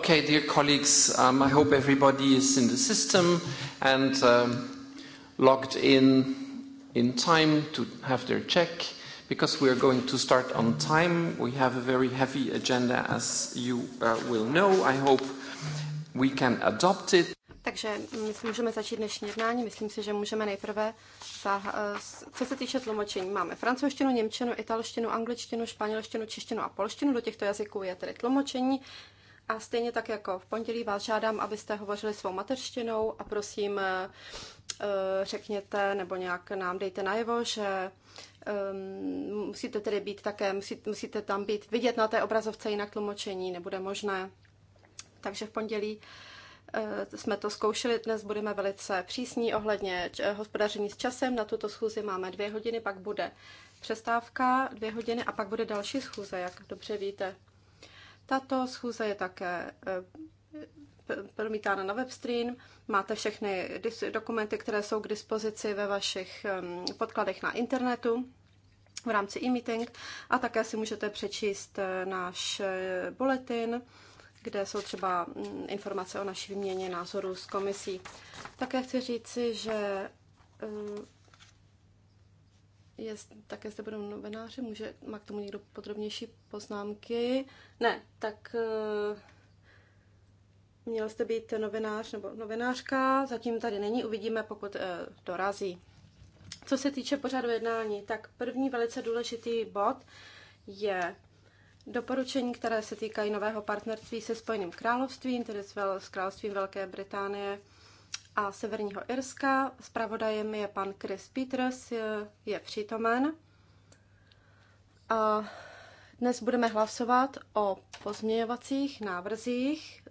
Okay, dear colleagues, um, I hope everybody is in the system and um, logged in in time to have their check. Because we are going to start on time, we have a very heavy agenda, as you uh, will know. I hope we can adopt it. Takže mm, myslím, můžeme začít dnešní jednání. Myslím si, že můžeme nejprve, zah- uh, co se týče tlumočení, máme francouzštinu, němčinu, italštinu, angličtinu, španělštinu, češtinu a polštinu. Do těchto jazyků je tedy tlumočení. A stejně tak jako v pondělí vás žádám, abyste hovořili svou mateřštinou a prosím eh, eh, řekněte nebo nějak nám dejte najevo, že ehm, musíte tedy být také, musíte, musíte tam být vidět na té obrazovce, jinak tlumočení nebude možné. Takže v pondělí eh, jsme to zkoušeli, dnes budeme velice přísní ohledně hospodaření s časem. Na tuto schůzi máme dvě hodiny, pak bude přestávka dvě hodiny a pak bude další schůze, jak dobře víte. Tato schůze je také eh, promítána na webstream. Máte všechny dokumenty, které jsou k dispozici ve vašich ehm, podkladech na internetu v rámci e-meeting a také si můžete přečíst eh, náš eh, bulletin, kde jsou třeba mm, informace o naší výměně názorů s komisí. Také chci říci, že je, také zde budou novináři, může, má k tomu někdo podrobnější poznámky? Ne, tak eh, měl jste být novinář nebo novinářka, zatím tady není, uvidíme, pokud eh, dorazí. Co se týče pořadu jednání, tak první velice důležitý bod je doporučení, které se týkají nového partnerství se Spojeným královstvím, tedy s, Vel- s královstvím Velké Británie a Severního Irska. Spravodajem je pan Chris Peters, je, je přítomen. A dnes budeme hlasovat o pozměňovacích návrzích.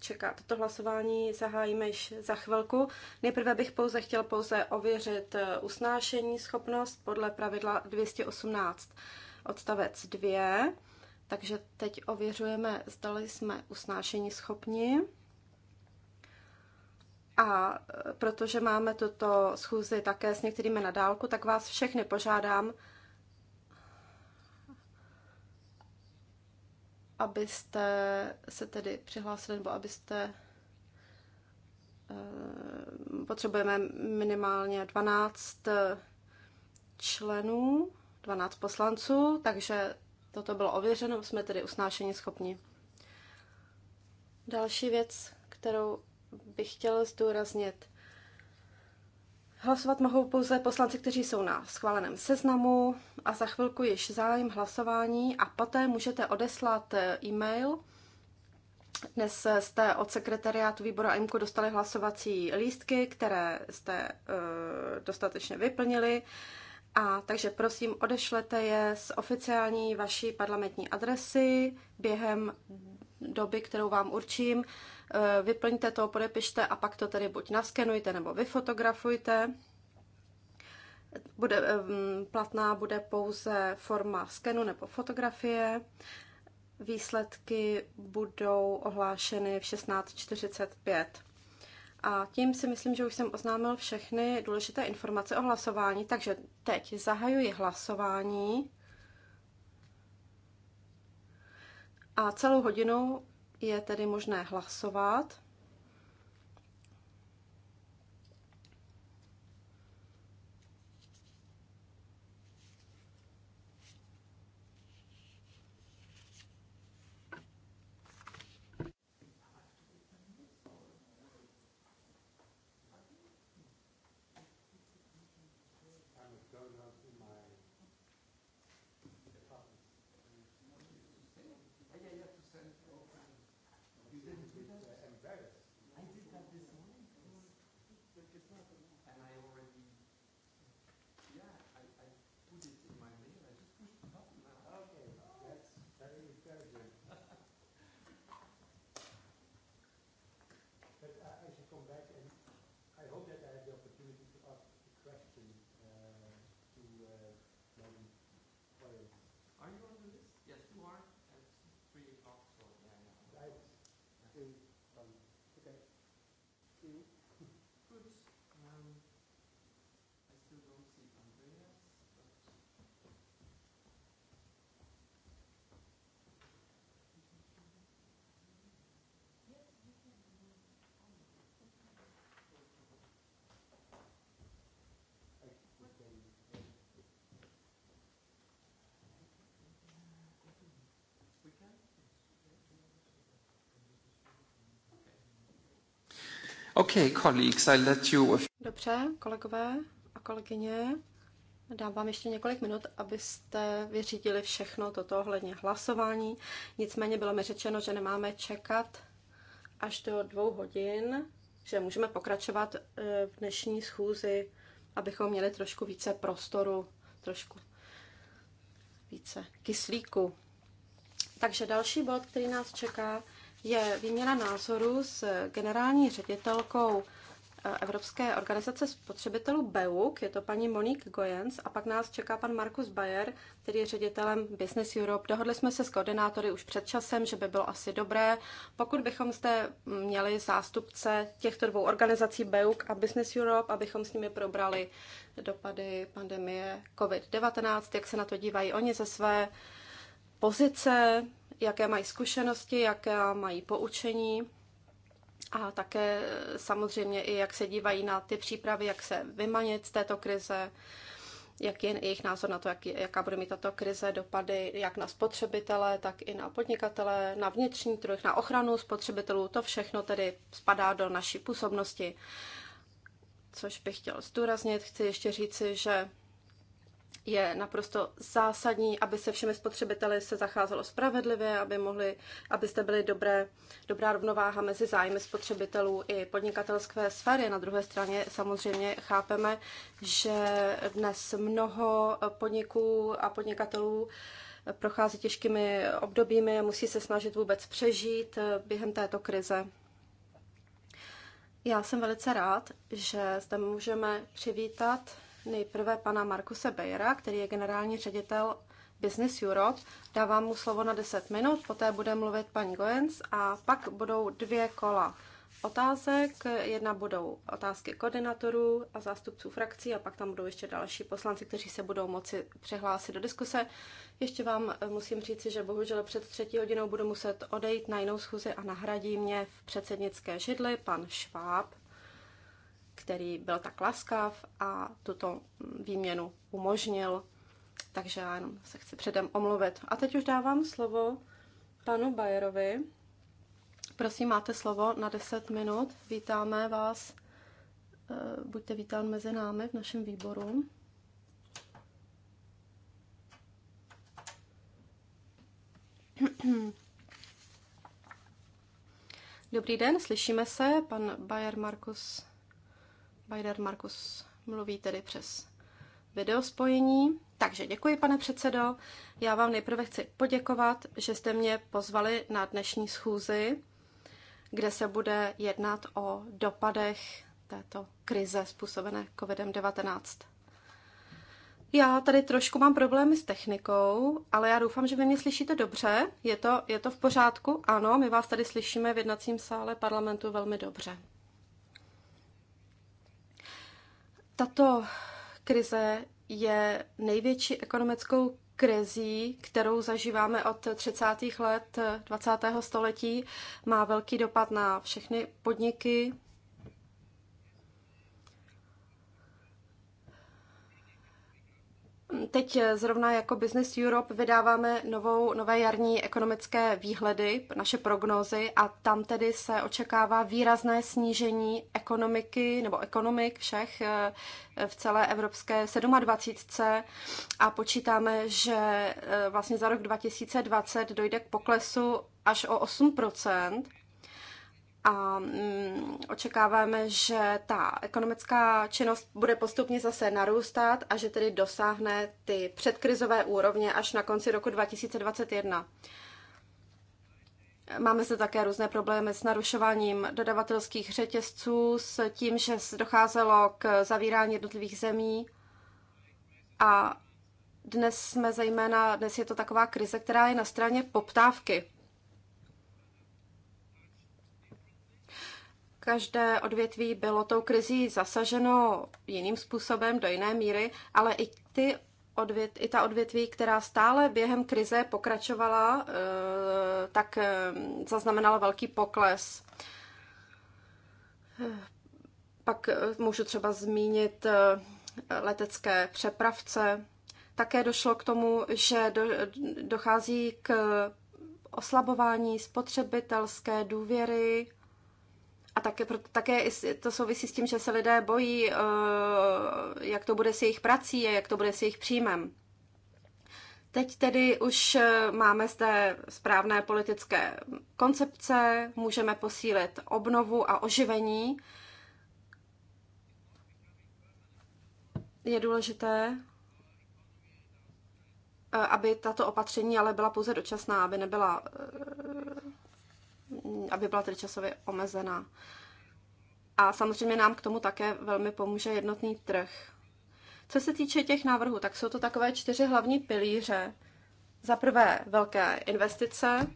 Čeká toto hlasování, zahájíme již za chvilku. Nejprve bych pouze chtěl pouze ověřit eh, usnášení schopnost podle pravidla 218 odstavec 2. Takže teď ověřujeme, zdali jsme usnášení schopni. A e, protože máme tuto schůzi také s některými na dálku, tak vás všechny požádám, abyste se tedy přihlásili, nebo abyste e, potřebujeme minimálně 12 e, členů, 12 poslanců, takže toto bylo ověřeno, jsme tedy usnášení schopni. Další věc, kterou bych chtěl zdůraznit. Hlasovat mohou pouze poslanci, kteří jsou na schváleném seznamu a za chvilku již zájem hlasování a poté můžete odeslat eh, e-mail. Dnes jste od sekretariátu výboru AIMKU dostali hlasovací lístky, které jste uh, dostatečně vyplnili. A takže prosím, odešlete je z oficiální vaší parlamentní adresy během doby, kterou vám určím. Eh, vyplňte to, podepište a pak to tedy buď naskenujte nebo vyfotografujte. Bude, platná bude pouze forma skenu nebo fotografie. Výsledky budou ohlášeny v 16.45. A tím si myslím, že už jsem oznámil všechny důležité informace o hlasování, takže teď zahajuji hlasování. A celou hodinu je tedy možné hlasovat. Dobře, kolegové a kolegyně, dám vám ještě několik minut, abyste vyřídili všechno toto ohledně hlasování. Nicméně bylo mi řečeno, že nemáme čekat až do dvou hodin, že můžeme pokračovat eh, v dnešní schůzi, abychom měli trošku více prostoru, trošku více kyslíku. Takže další bod, který nás čeká, je výměna názoru s generální ředitelkou eh, Evropské organizace spotřebitelů BEUK, je to paní Monique Goyens, a pak nás čeká pan Markus Bayer, který je ředitelem Business Europe. Dohodli jsme se s koordinátory už před časem, že by bylo asi dobré, pokud bychom zde měli zástupce těchto dvou organizací BEUK a Business Europe, abychom s nimi probrali dopady pandemie COVID-19, jak se na to dívají oni ze své pozice, jaké mají zkušenosti, jaké mají poučení a také eh, samozřejmě i jak se dívají na ty přípravy, jak se vymanit z této krize, jak je jejich názor na to, jak, jaká bude mít tato krize dopady jak na spotřebitele, tak i na podnikatele, na vnitřní trh, na ochranu spotřebitelů. To všechno tedy spadá do naší působnosti. Což bych chtěl zdůraznit, chci ještě říci, že je naprosto zásadní, aby se všemi spotřebiteli se zacházelo spravedlivě, aby mohli, abyste byli dobré, dobrá rovnováha mezi zájmy spotřebitelů i podnikatelské sféry. Na druhé straně samozřejmě chápeme, že dnes mnoho podniků a podnikatelů prochází těžkými obdobími a musí se snažit vůbec přežít během této krize. Já jsem velice rád, že zde můžeme přivítat nejprve pana Markuse Bejera, který je generální ředitel Business Europe. Dávám mu slovo na 10 minut, poté bude mluvit paní Goens a pak budou dvě kola otázek. Jedna budou otázky koordinatorů a zástupců frakcí a pak tam budou ještě další poslanci, kteří se budou moci přihlásit do diskuse. Ještě vám eh, musím říci, že bohužel před třetí hodinou budu muset odejít na jinou schůzi a nahradí mě v předsednické židli pan Šváb který byl tak laskav a tuto výměnu umožnil. Takže já jenom se chci předem omluvit. A teď už dávám slovo panu Bajerovi. Prosím, máte slovo na 10 minut. Vítáme vás. Eh, buďte vítán mezi námi v našem výboru. Dobrý den, slyšíme se. Pan Bayer Markus Spider Markus mluví tedy přes videospojení. Takže děkuji, pane předsedo. Já vám nejprve chci poděkovat, že jste mě pozvali na dnešní schůzi, kde se bude jednat o dopadech této krize způsobené COVID-19. Já tady trošku mám problémy s technikou, ale já doufám, že vy mě slyšíte dobře. Je to, je to v pořádku? Ano, my vás tady slyšíme v jednacím sále parlamentu velmi dobře. Tato krize je největší ekonomickou krizí, kterou zažíváme od 30. let 20. století. Má velký dopad na všechny podniky, teď zrovna jako Business Europe vydáváme novou, nové jarní ekonomické výhledy, naše prognózy a tam tedy se očekává výrazné snížení ekonomiky nebo ekonomik všech eh, v celé Evropské 27. a počítáme, že eh, vlastně za rok 2020 dojde k poklesu až o 8 a mm, očekáváme, že ta ekonomická činnost bude postupně zase narůstat a že tedy dosáhne ty předkrizové úrovně až na konci roku 2021. Máme zde také různé problémy s narušováním dodavatelských řetězců, s tím, že docházelo k zavírání jednotlivých zemí a dnes jsme zejména, dnes je to taková krize, která je na straně poptávky. Každé odvětví bylo tou krizí zasaženo jiným způsobem, do jiné míry, ale i ty odvět, i ta odvětví, která stále během krize pokračovala, eh, tak eh, zaznamenala velký pokles. Eh, pak můžu třeba zmínit letecké přepravce. Také došlo k tomu, že dochází k oslabování spotřebitelské důvěry a také, také to souvisí s tím, že se lidé bojí, eh, jak to bude s jejich prací a jak to bude s jejich příjmem. Teď tedy už eh, máme zde správné politické koncepce, můžeme posílit obnovu a oživení. Je důležité, eh, aby tato opatření ale byla pouze dočasná, aby nebyla aby byla tedy časově omezená. A samozřejmě nám k tomu také velmi pomůže jednotný trh. Co se týče těch návrhů, tak jsou to takové čtyři hlavní pilíře. Za prvé velké investice.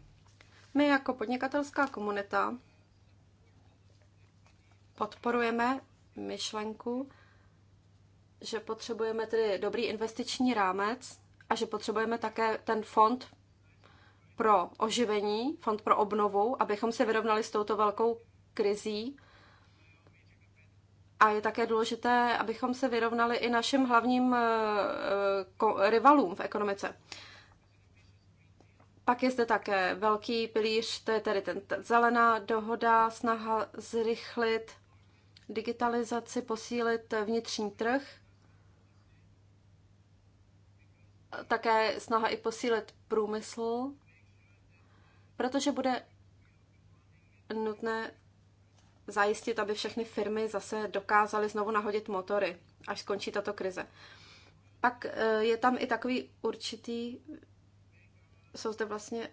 My jako podnikatelská komunita podporujeme myšlenku, že potřebujeme tedy dobrý investiční rámec a že potřebujeme také ten fond pro oživení, fond pro obnovu, abychom se vyrovnali s touto velkou krizí. A je také důležité, abychom se vyrovnali i našim hlavním eh, eh, rivalům v ekonomice. Pak je zde také velký pilíř, to je tedy ten zelená dohoda, snaha zrychlit digitalizaci, posílit vnitřní trh. Také snaha i posílit průmysl, protože bude nutné zajistit, aby všechny firmy zase dokázaly znovu nahodit motory, až skončí tato krize. Pak e, je tam i takový určitý, jsou zde vlastně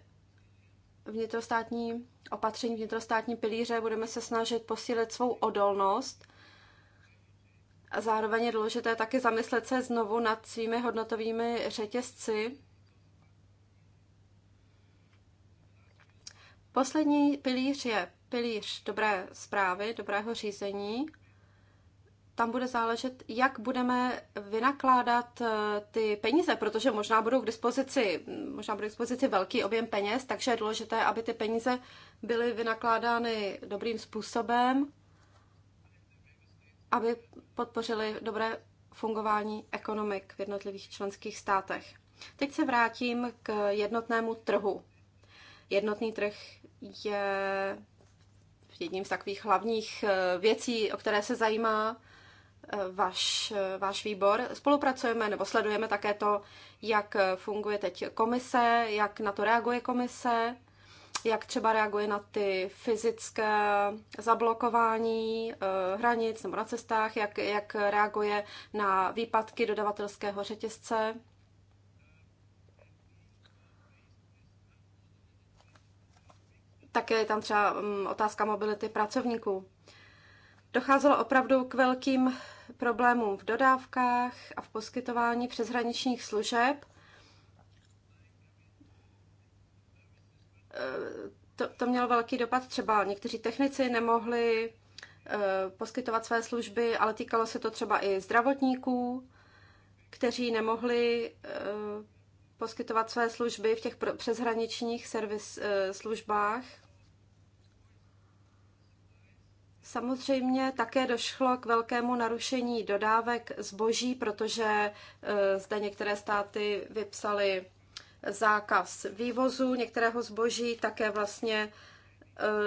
vnitrostátní opatření, vnitrostátní pilíře, budeme se snažit posílit svou odolnost a zároveň je důležité také zamyslet se znovu nad svými hodnotovými řetězci, Poslední pilíř je pilíř dobré zprávy, dobrého řízení. Tam bude záležet, jak budeme vynakládat eh, ty peníze, protože možná budou k dispozici, možná budou k dispozici velký objem peněz, takže je důležité, aby ty peníze byly vynakládány dobrým způsobem, aby podpořili dobré fungování ekonomik v jednotlivých členských státech. Teď se vrátím k jednotnému trhu. Jednotný trh je jedním z takových hlavních eh, věcí, o které se zajímá eh, váš, eh, váš výbor. Spolupracujeme nebo sledujeme také to, jak funguje teď komise, jak na to reaguje komise, jak třeba reaguje na ty fyzické zablokování hranic nebo na cestách, jak, jak reaguje na výpadky dodavatelského řetězce. Také je tam třeba mm, otázka mobility pracovníků. Docházelo opravdu k velkým problémům v dodávkách a v poskytování přeshraničních služeb. E, to, to mělo velký dopad. Třeba někteří technici nemohli e, poskytovat své služby, ale týkalo se to třeba i zdravotníků, kteří nemohli e, poskytovat své služby v těch přeshraničních servis, službách. Samozřejmě také došlo k velkému narušení dodávek zboží, protože e, zde některé státy vypsaly zákaz vývozu některého zboží, také vlastně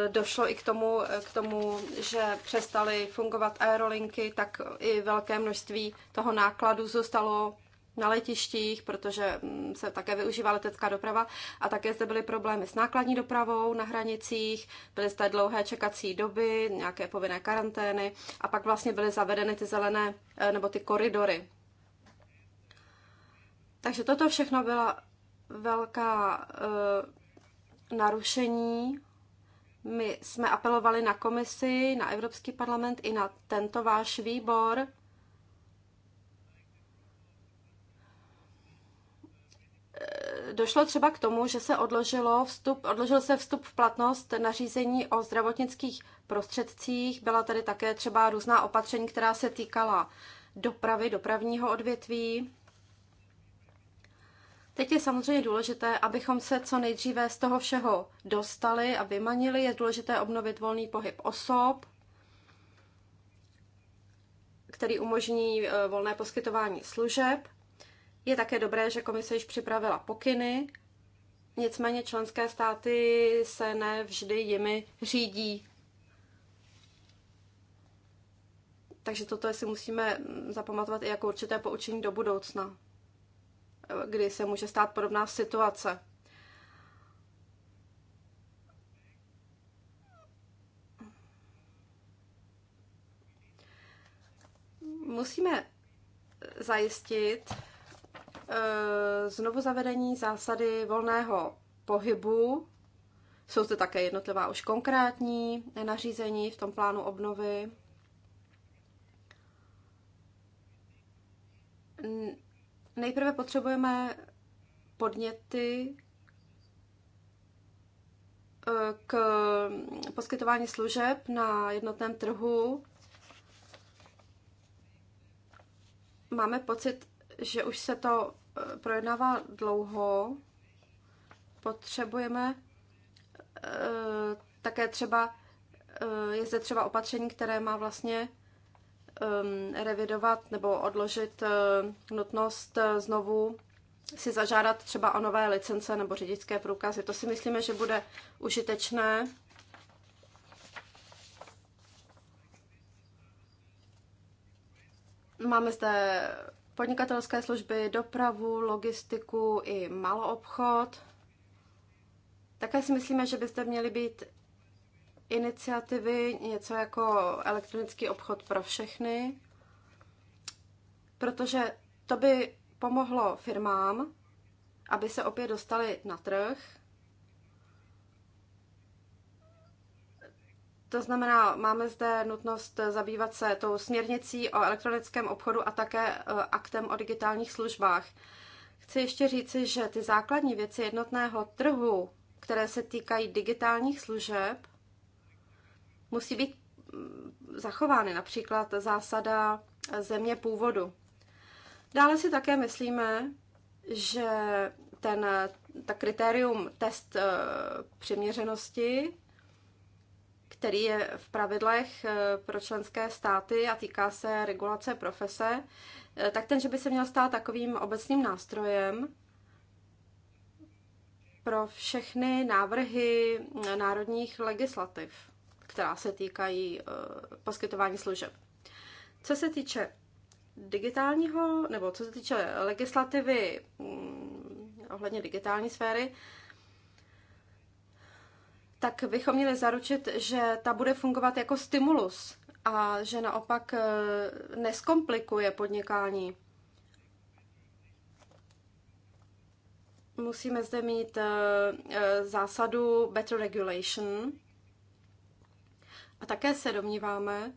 e, došlo i k tomu, k tomu, že přestaly fungovat aerolinky, tak i velké množství toho nákladu zůstalo na letištích, protože mm, se také využívá letecká doprava a také zde byly problémy s nákladní dopravou na hranicích, byly zde dlouhé čekací doby, nějaké povinné karantény a pak vlastně byly zavedeny ty zelené eh, nebo ty koridory. Takže toto všechno byla velká uh, narušení. My jsme apelovali na komisi, na Evropský parlament i na tento váš výbor, došlo třeba k tomu, že se odložilo vstup, odložil se vstup v platnost nařízení o zdravotnických prostředcích. Byla tady také třeba různá opatření, která se týkala dopravy, dopravního odvětví. Teď je samozřejmě důležité, abychom se co nejdříve z toho všeho dostali a vymanili. Je důležité obnovit volný pohyb osob, který umožní eh, volné poskytování služeb. Je také dobré, že komise již připravila pokyny, nicméně členské státy se ne vždy jimi řídí. Takže toto si musíme zapamatovat i jako určité poučení do budoucna, kdy se může stát podobná situace. Musíme zajistit, Eh, znovu zavedení zásady volného pohybu. Jsou zde také jednotlivá už konkrétní nařízení v tom plánu obnovy. Nejprve potřebujeme podněty eh, k poskytování služeb na jednotném trhu. Máme pocit, že už se to eh, projednává dlouho. Potřebujeme eh, také třeba, eh, je zde třeba opatření, které má vlastně ehm, revidovat nebo odložit nutnost znovu si zažádat třeba o nové licence nebo řidičské průkazy. To si myslíme, že bude užitečné. Máme zde podnikatelské služby, dopravu, logistiku i maloobchod. Také si myslíme, že byste měli být iniciativy, něco jako elektronický obchod pro všechny, protože to by pomohlo firmám, aby se opět dostali na trh To znamená, máme zde nutnost zabývat se tou směrnicí o elektronickém obchodu a také e, aktem o digitálních službách. Chci ještě říci, že ty základní věci jednotného trhu, které se týkají digitálních služeb, musí být mm, zachovány, například zásada země původu. Dále si také myslíme, že ten, ta kritérium test e, přiměřenosti který je v pravidlech eh, pro členské státy a týká se regulace profese, eh, tak ten, že by se měl stát takovým obecným nástrojem pro všechny návrhy eh, národních legislativ, která se týkají poskytování služeb. Co se týče digitálního, nebo co se týče legislativy mm, ohledně digitální sféry, tak bychom měli zaručit, že ta bude fungovat jako stimulus a že naopak eh, neskomplikuje podnikání. Musíme zde mít eh, eh, zásadu better regulation. A také se domníváme,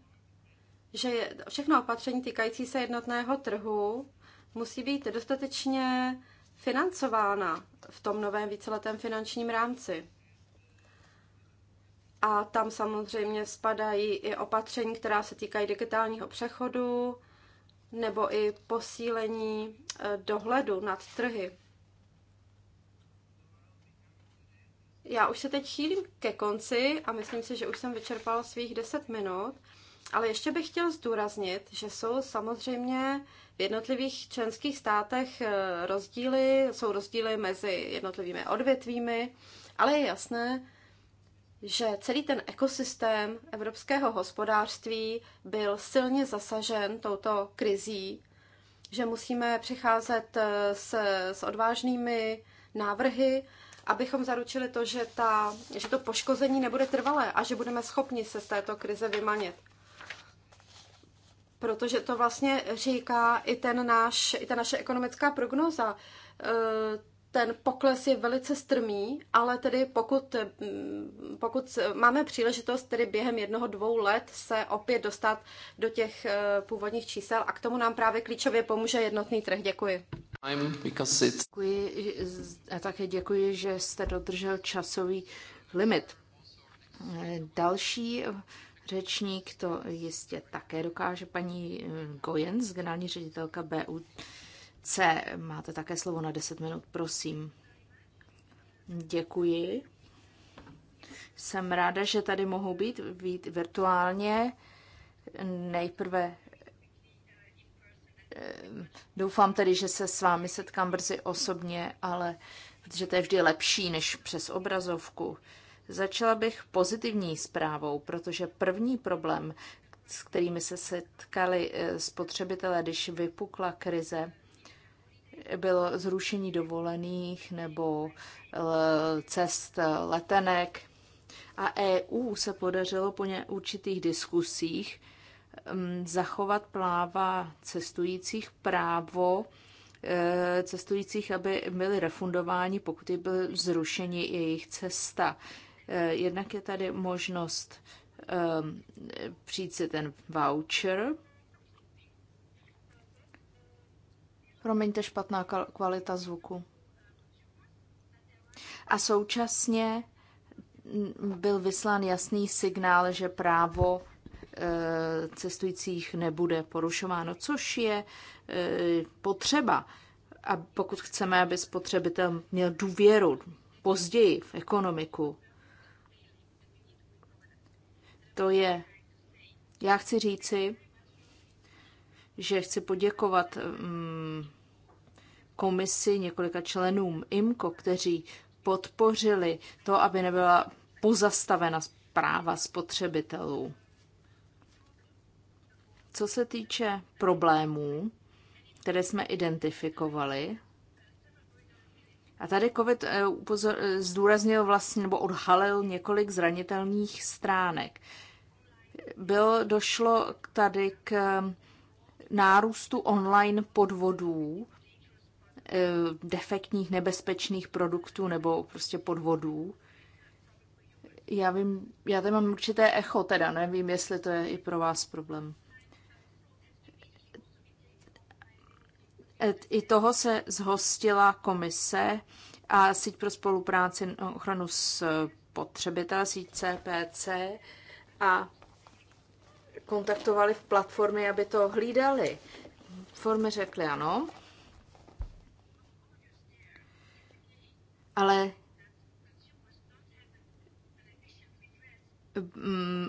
že všechno opatření týkající se jednotného trhu musí být dostatečně financována v tom novém víceletém finančním rámci a tam samozřejmě spadají i opatření, která se týkají digitálního přechodu nebo i posílení e, dohledu nad trhy. Já už se teď chýlím ke konci a myslím si, že už jsem vyčerpal svých 10 minut, ale ještě bych chtěl zdůraznit, že jsou samozřejmě v jednotlivých členských státech e, rozdíly, jsou rozdíly mezi jednotlivými odvětvími, ale je jasné, že celý ten ekosystém evropského hospodářství byl silně zasažen touto krizí, že musíme přicházet eh, s, s odvážnými návrhy, abychom zaručili to, že, ta, že to poškození nebude trvalé a že budeme schopni se z této krize vymanit. Protože to vlastně říká i, ten náš, i ta naše ekonomická prognoza eh, ten pokles je velice strmý, ale tedy pokud, mm, pokud máme příležitost tedy během jednoho, dvou let se opět dostat do těch eh, původních čísel a k tomu nám právě klíčově pomůže jednotný trh. Děkuji. Děkuji a eh, také děkuji, že jste dodržel časový limit. Eh, další řečník to jistě také dokáže paní Gojen, generální ředitelka BU C. Máte také slovo na 10 minut, prosím. Děkuji. Jsem ráda, že tady mohu být, být virtuálně. Nejprve eh, doufám tedy, že se s vámi setkám brzy osobně, ale protože to je vždy lepší než přes obrazovku. Začala bych pozitivní zprávou, protože první problém, s kterými se setkali eh, spotřebitelé, když vypukla krize, bylo zrušení dovolených nebo eh, cest eh, letenek. A EU se podařilo po určitých diskusích mm, zachovat práva cestujících, právo eh, cestujících, aby byli refundováni, pokud by byl zrušení jejich cesta. Jednak je tady možnost ehm, přijít si ten voucher, Promiňte špatná kvalita zvuku. A současně byl vyslán jasný signál, že právo e, cestujících nebude porušováno, což je e, potřeba. A pokud chceme, aby spotřebitel měl důvěru později v ekonomiku, to je, já chci říci, že chci poděkovat mm, komisi několika členům IMCO, kteří podpořili to, aby nebyla pozastavena práva spotřebitelů. Co se týče problémů, které jsme identifikovali, a tady COVID eh, upozor, eh, zdůraznil vlastně nebo odhalil několik zranitelných stránek. Bylo, došlo tady k nárůstu online podvodů, eh, defektních, nebezpečných produktů nebo prostě podvodů. Já vím, já tady mám určité echo teda, nevím, jestli to je i pro vás problém. Eh, I toho se zhostila komise a síť pro spolupráci no, ochranu s eh, potřebitel, síť CPC a kontaktovali v platformy, aby to hlídali. Formy řekly ano, ale mm,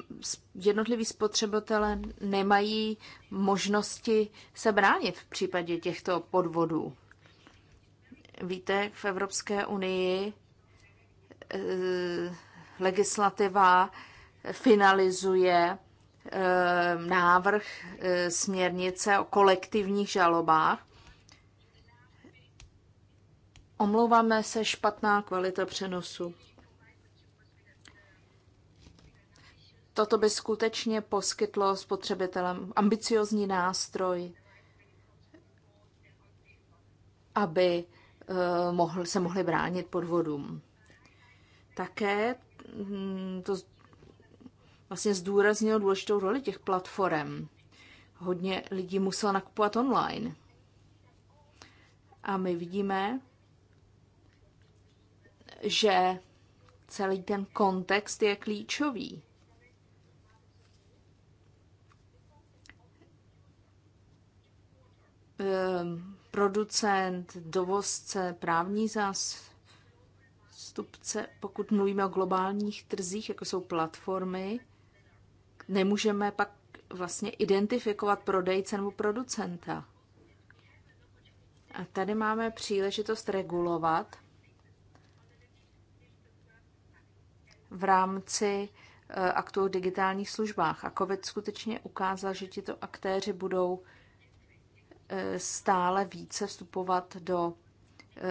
jednotliví spotřebitelé nemají možnosti se bránit v případě těchto podvodů. Víte, v Evropské unii eh, legislativa finalizuje Eh, návrh eh, směrnice o kolektivních žalobách. Omlouváme se špatná kvalita přenosu. Toto by skutečně poskytlo spotřebitelem ambiciozní nástroj, aby eh, mohl, se mohli bránit podvodům. Také hm, to vlastně zdůraznil důležitou roli těch platform. Hodně lidí muselo nakupovat online. A my vidíme, že celý ten kontext je klíčový. Ehm, producent, dovozce, právní zástupce, pokud mluvíme o globálních trzích, jako jsou platformy, nemůžeme pak vlastně identifikovat prodejce nebo producenta. A tady máme příležitost regulovat v rámci eh, aktu o digitálních službách. A COVID skutečně ukázal, že tito aktéři budou eh, stále více vstupovat do eh,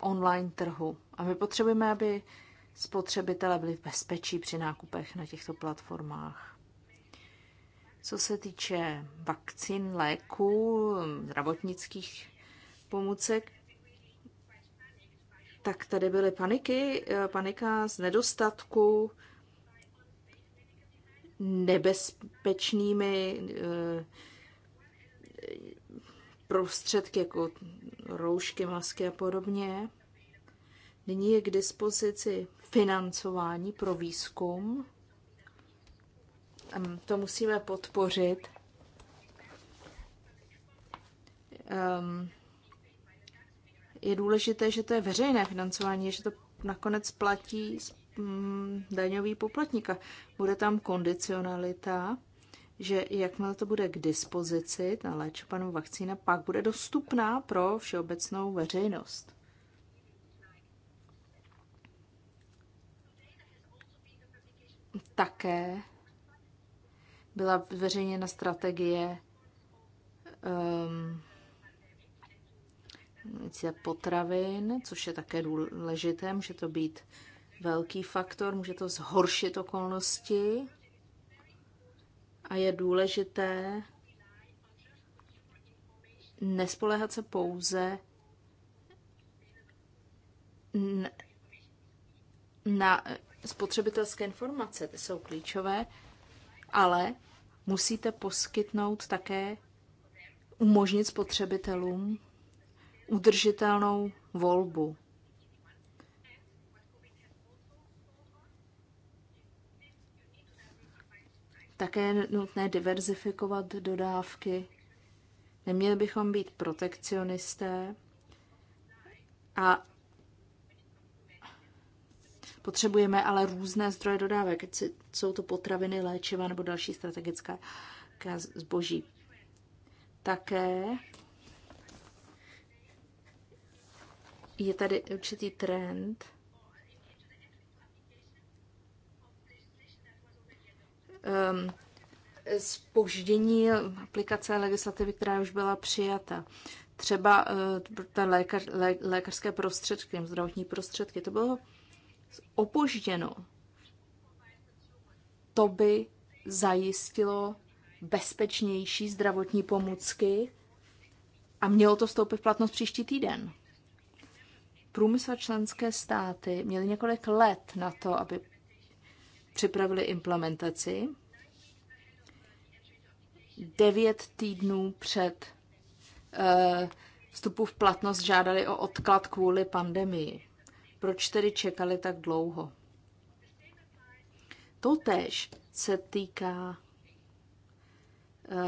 online trhu. A my potřebujeme, aby spotřebitelé byli v bezpečí při nákupech na těchto platformách. Co se týče vakcín, léků, zdravotnických pomůcek, tak tady byly paniky, panika z nedostatku nebezpečnými eh, prostředky, jako roušky, masky a podobně. Nyní je k dispozici financování pro výzkum to musíme podpořit. Ehm, je důležité, že to je veřejné financování, že to nakonec platí mm, daňový poplatník. Bude tam kondicionalita, že jakmile to bude k dispozici, ta léčba vakcína, pak bude dostupná pro všeobecnou veřejnost. Také byla zveřejněna strategie um, potravin, což je také důležité, může to být velký faktor, může to zhoršit okolnosti a je důležité nespoléhat se pouze na spotřebitelské informace, ty jsou klíčové, ale musíte poskytnout také umožnit spotřebitelům udržitelnou volbu. Také je nutné diverzifikovat dodávky. Neměli bychom být protekcionisté a Potřebujeme ale různé zdroje dodávek, ať jsou to potraviny, léčiva nebo další strategická zboží. Také je tady určitý trend, um, ehm, spoždění aplikace legislativy, která už byla přijata. Třeba uh, eh, ta lékař, lé, lékařské prostředky, zdravotní prostředky, to bylo opožděno. To by zajistilo bezpečnější zdravotní pomůcky a mělo to vstoupit v platnost příští týden. Průmysl členské státy měly několik let na to, aby připravili implementaci. Devět týdnů před uh, vstupu v platnost žádali o odklad kvůli pandemii. Proč tedy čekali tak dlouho? Totež se týká uh,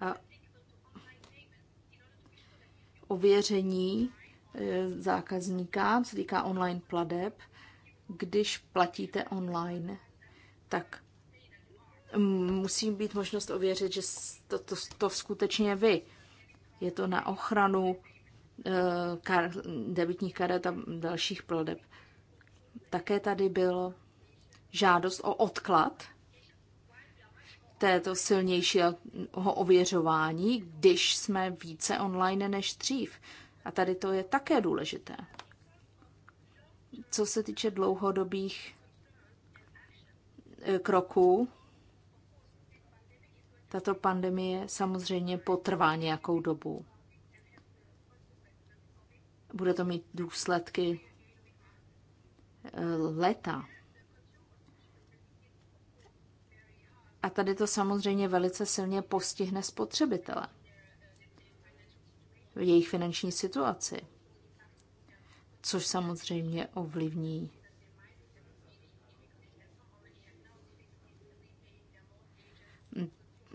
a ověření eh, zákazníka, se týká online pladeb. Když platíte online, tak mm, musí být možnost ověřit, že to, to, to skutečně vy. Je to na ochranu Eh, kar, debitních karet a dalších prodeb. Také tady bylo žádost o odklad této silnějšího ověřování, když jsme více online než dřív. A tady to je také důležité. Co se týče dlouhodobých eh, kroků, tato pandemie samozřejmě potrvá nějakou dobu. Bude to mít důsledky eh, leta. A tady to samozřejmě velice silně postihne spotřebitele v jejich finanční situaci, což samozřejmě ovlivní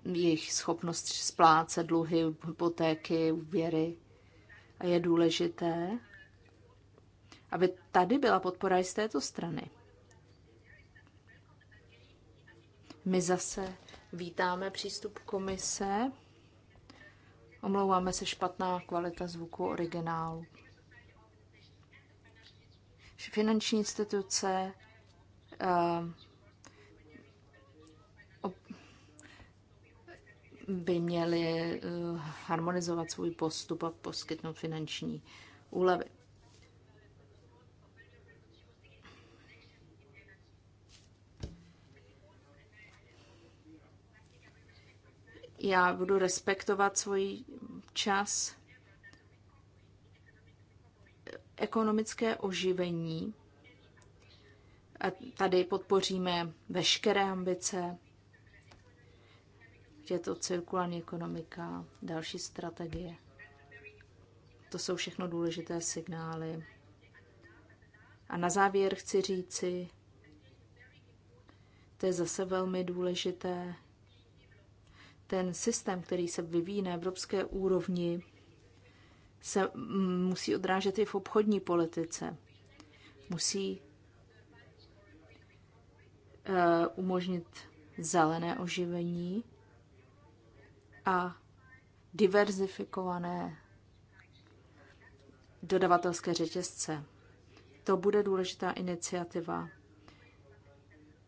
jejich schopnost splácet dluhy, hypotéky, úvěry. A je důležité, aby tady byla podpora i z této strany. My zase vítáme přístup komise. Omlouváme se špatná kvalita zvuku originálu. Finanční instituce, eh, by měli eh, harmonizovat svůj postup a poskytnout finanční úlevy. Já budu respektovat svůj čas ekonomické oživení. A tady podpoříme veškeré ambice je to cirkulární ekonomika, další strategie. To jsou všechno důležité signály. A na závěr chci říci, to je zase velmi důležité, ten systém, který se vyvíjí na evropské úrovni, se mm, musí odrážet i v obchodní politice. Musí eh, umožnit zelené oživení, a diverzifikované dodavatelské řetězce. To bude důležitá iniciativa,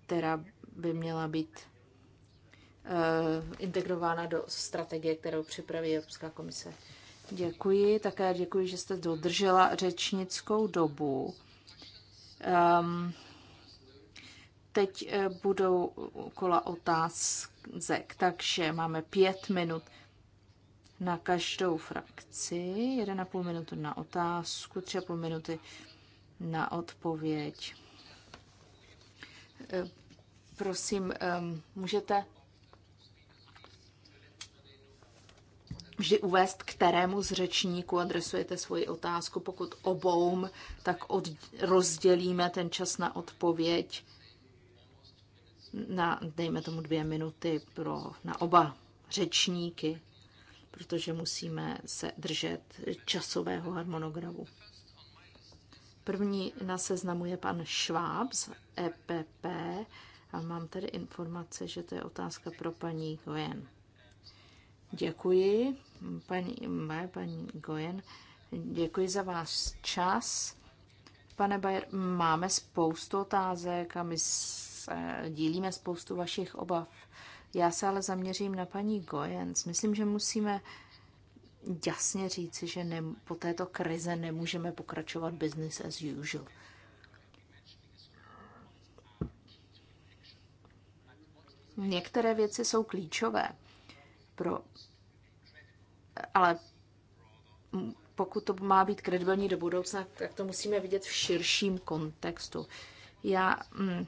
která by měla být eh, integrována do strategie, kterou připraví Evropská komise. Děkuji, také děkuji, že jste dodržela řečnickou dobu. Um, teď eh, budou kola otázek otázek, takže máme pět minut na každou frakci, 1,5 minutu na otázku, 3,5 minuty na odpověď. E, prosím, e, můžete vždy uvést, kterému z řečníků adresujete svoji otázku. Pokud obou, tak od, rozdělíme ten čas na odpověď na, dejme tomu, dvě minuty pro, na oba řečníky, protože musíme se držet časového harmonogramu. První na seznamu je pan Šváb z EPP a mám tady informace, že to je otázka pro paní Gojen. Děkuji, paní, paní Gojen. Děkuji za váš čas. Pane Bayer, máme spoustu otázek a my dílíme spoustu vašich obav. Já se ale zaměřím na paní Gojens. Myslím, že musíme jasně říci, že ne, po této krize nemůžeme pokračovat business as usual. Některé věci jsou klíčové, pro, ale pokud to má být kredibilní do budoucna, tak to musíme vidět v širším kontextu. Já mm,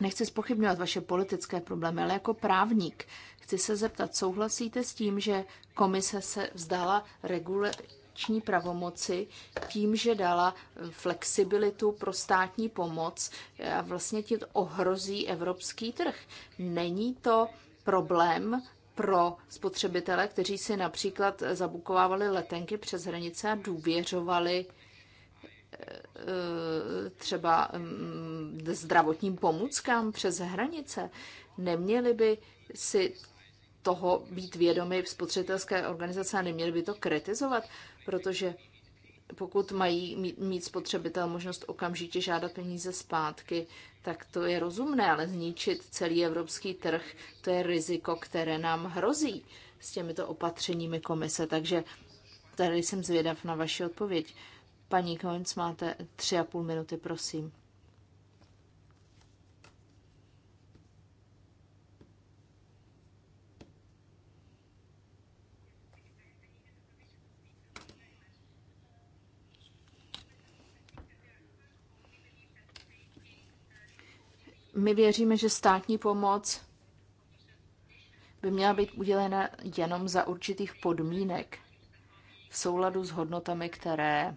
Nechci spochybňovat vaše politické problémy, ale jako právník chci se zeptat, souhlasíte s tím, že komise se vzdala regulační pravomoci tím, že dala flexibilitu pro státní pomoc a vlastně tím ohrozí evropský trh? Není to problém pro spotřebitele, kteří si například zabukovávali letenky přes hranice a důvěřovali třeba mm, zdravotním pomůckám přes hranice. Neměli by si toho být vědomi spotřebitelské organizace a neměli by to kritizovat, protože pokud mají mít spotřebitel možnost okamžitě žádat peníze zpátky, tak to je rozumné, ale zničit celý evropský trh, to je riziko, které nám hrozí s těmito opatřeními komise. Takže tady jsem zvědav na vaši odpověď. Paní Koenc, máte tři a půl minuty, prosím. My věříme, že státní pomoc by měla být udělena jenom za určitých podmínek v souladu s hodnotami, které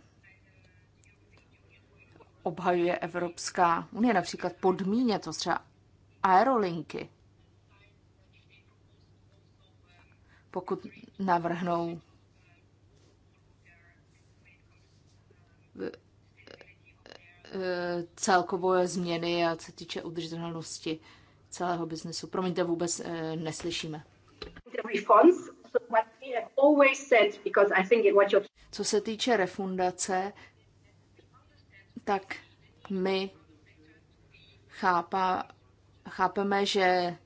obhajuje Evropská unie, například podmíně to třeba aerolinky. Pokud navrhnou eh, celkové změny a co týče udržitelnosti celého biznesu. Promiňte, vůbec eh, neslyšíme. Co se týče refundace, tak my chápa, chápeme, že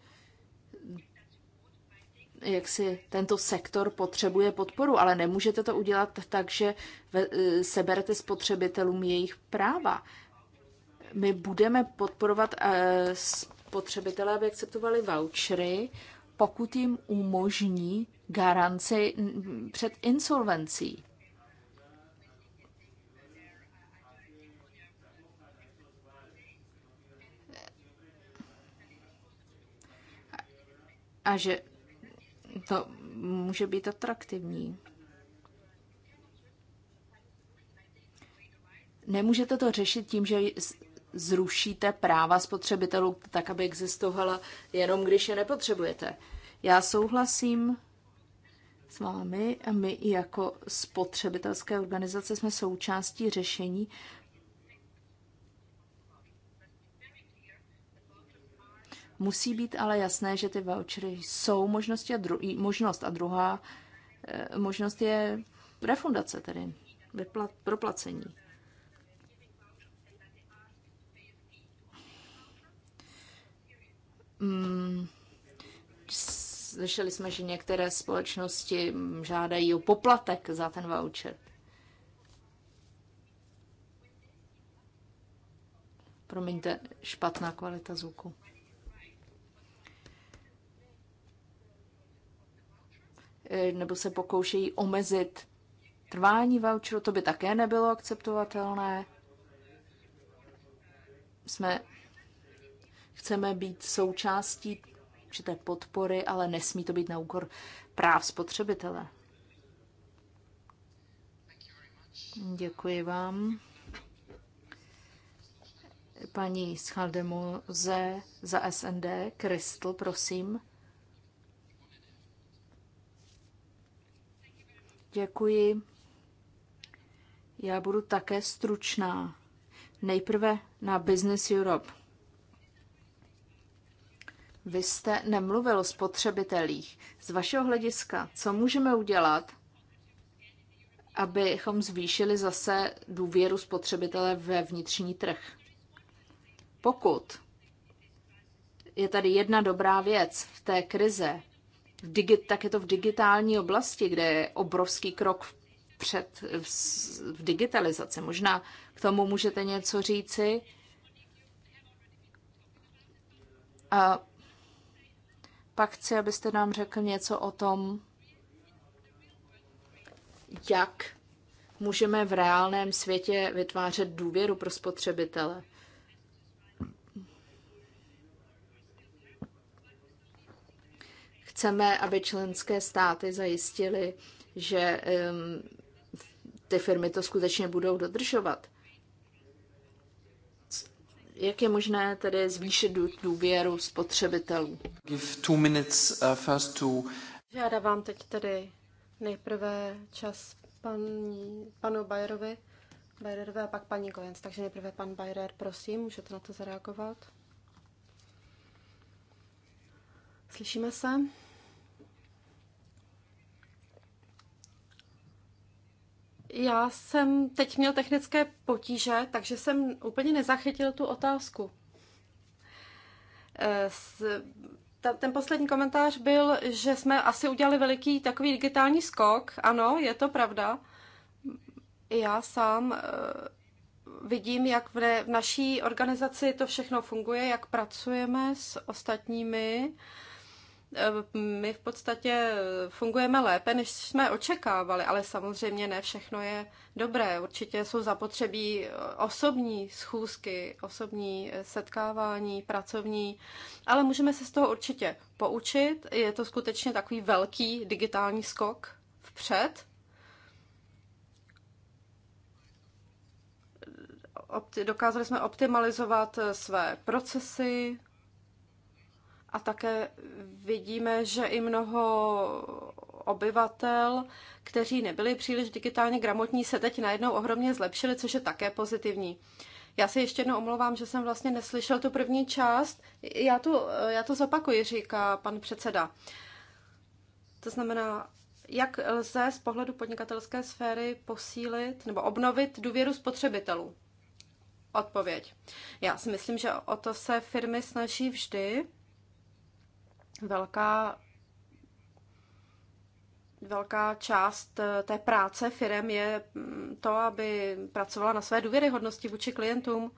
jak si tento sektor potřebuje podporu, ale nemůžete to udělat tak, že eh, seberete spotřebitelům jejich práva. My budeme podporovat eh, spotřebitele, aby akceptovali vouchery, pokud jim umožní garanci před insolvencí. a že to může být atraktivní. Nemůžete to řešit tím, že zrušíte práva spotřebitelů tak, aby existovala jenom, když je nepotřebujete. Já souhlasím s vámi a my jako spotřebitelské organizace jsme součástí řešení, Musí být ale jasné, že ty vouchery jsou možnosti a druhý, možnost a druhá e, možnost je refundace, tedy vyplat- proplacení. Mm, slyšeli jsme, že některé společnosti mm, žádají o poplatek za ten voucher. Promiňte, špatná kvalita zvuku. E, nebo se pokoušejí omezit trvání voucheru, to by také nebylo akceptovatelné. Jsme, chceme být součástí určité podpory, ale nesmí to být na úkor práv spotřebitele. Děkuji vám. Paní Schaldemoze za SND, Kristl, prosím. Děkuji. Já budu také stručná. Nejprve na Business Europe. Vy jste nemluvil o spotřebitelích. Z vašeho hlediska, co můžeme udělat, abychom zvýšili zase důvěru spotřebitele ve vnitřní trh? Pokud je tady jedna dobrá věc v té krize, digit, tak je to v digitální oblasti, kde je obrovský krok před v, v digitalizaci. Možná k tomu můžete něco říci. A pak chci, abyste nám řekl něco o tom, jak můžeme v reálném světě vytvářet důvěru pro spotřebitele. Chceme, aby členské státy zajistily, že ty firmy to skutečně budou dodržovat. Jak je možné tedy zvýšit důvěru spotřebitelů? Uh, Žádám vám teď tedy nejprve čas paní, panu Bayerovi, Bayerovi a pak paní Gojenc. Takže nejprve pan Bayer, prosím, můžete na to zareagovat. Slyšíme se? Já jsem teď měl technické potíže, takže jsem úplně nezachytil tu otázku. Eh, ten poslední komentář byl, že jsme asi udělali veliký takový digitální skok. Ano, je to pravda. Já sám eh, vidím, jak v naší organizaci to všechno funguje, jak pracujeme s ostatními. Eh, my v podstatě eh, fungujeme lépe, než jsme očekávali, ale samozřejmě ne všechno je dobré. Určitě jsou zapotřebí eh, osobní schůzky, osobní setkávání, pracovní, ale můžeme se z toho určitě poučit. Je to skutečně takový velký digitální skok vpřed. Dokázali jsme optimalizovat své procesy, a také vidíme, že i mnoho obyvatel, kteří nebyli příliš digitálně gramotní, se teď najednou ohromně zlepšili, což je také pozitivní. Já se ještě jednou omlouvám, že jsem vlastně neslyšel tu první část. Já to, já to zopakuji, říká pan předseda. To znamená, jak lze z pohledu podnikatelské sféry posílit nebo obnovit důvěru spotřebitelů? Odpověď. Já si myslím, že o to se firmy snaží vždy velká velká část eh, té práce firem je mm, to, aby pracovala na své důvěryhodnosti vůči klientům.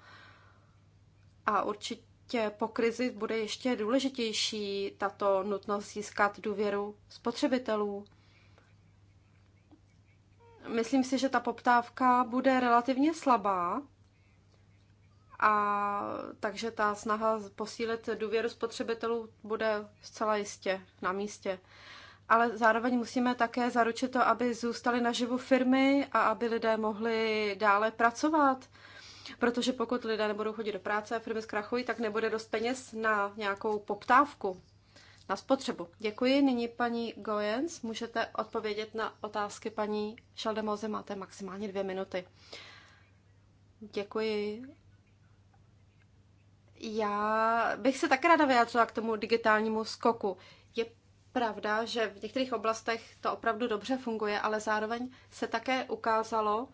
A určitě po krizi bude ještě důležitější tato nutnost získat důvěru spotřebitelů. Myslím si, že ta poptávka bude relativně slabá, a takže ta snaha posílit důvěru spotřebitelů bude zcela jistě na místě. Ale zároveň musíme také zaručit to, aby zůstaly naživu firmy a aby lidé mohli dále pracovat. Protože pokud lidé nebudou chodit do práce a firmy zkrachují, tak nebude dost peněz na nějakou poptávku, na spotřebu. Děkuji. Nyní paní Gojens, můžete odpovědět na otázky paní Šaldemoze. Máte maximálně dvě minuty. Děkuji já bych se také ráda vyjádřila k tomu digitálnímu skoku. Je pravda, že v některých oblastech to opravdu dobře funguje, ale zároveň se také ukázalo,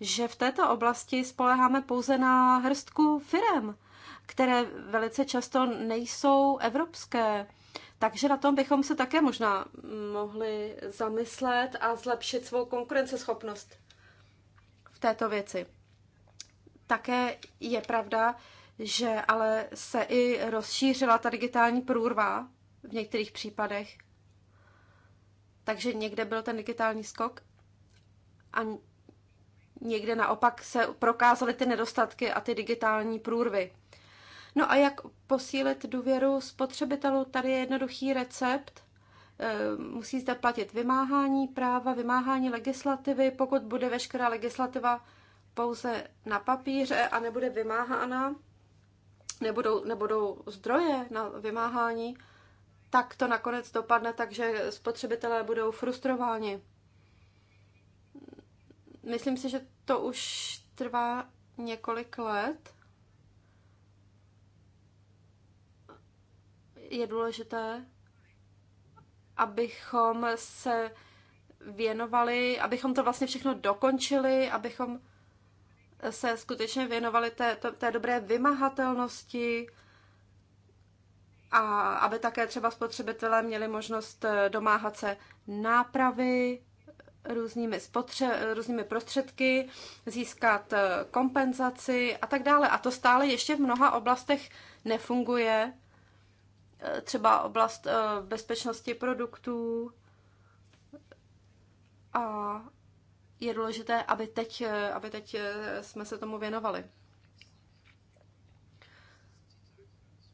že v této oblasti spoleháme pouze na hrstku firem, které velice často nejsou evropské. Takže na tom bychom se také možná mohli zamyslet a zlepšit svou konkurenceschopnost v této věci. Také je pravda, že ale se i rozšířila ta digitální průrva v některých případech. Takže někde byl ten digitální skok a někde naopak se prokázaly ty nedostatky a ty digitální průrvy. No a jak posílit důvěru spotřebitelů? Tady je jednoduchý recept. Eh, musí zde platit vymáhání práva, vymáhání legislativy. Pokud bude veškerá legislativa pouze na papíře a nebude vymáhána, nebudou, nebudou zdroje na vymáhání, tak to nakonec dopadne, takže spotřebitelé budou frustrováni. Myslím si, že to už trvá několik let. Je důležité, abychom se věnovali, abychom to vlastně všechno dokončili, abychom se skutečně věnovali té, té dobré vymahatelnosti a aby také třeba spotřebitelé měli možnost eh, domáhat se nápravy eh, různými, spotře- eh, různými prostředky, získat kompenzaci a tak dále. A to stále ještě v mnoha oblastech nefunguje. Třeba oblast bezpečnosti produktů a je důležité, aby teď, eh, aby teď eh, jsme se tomu věnovali.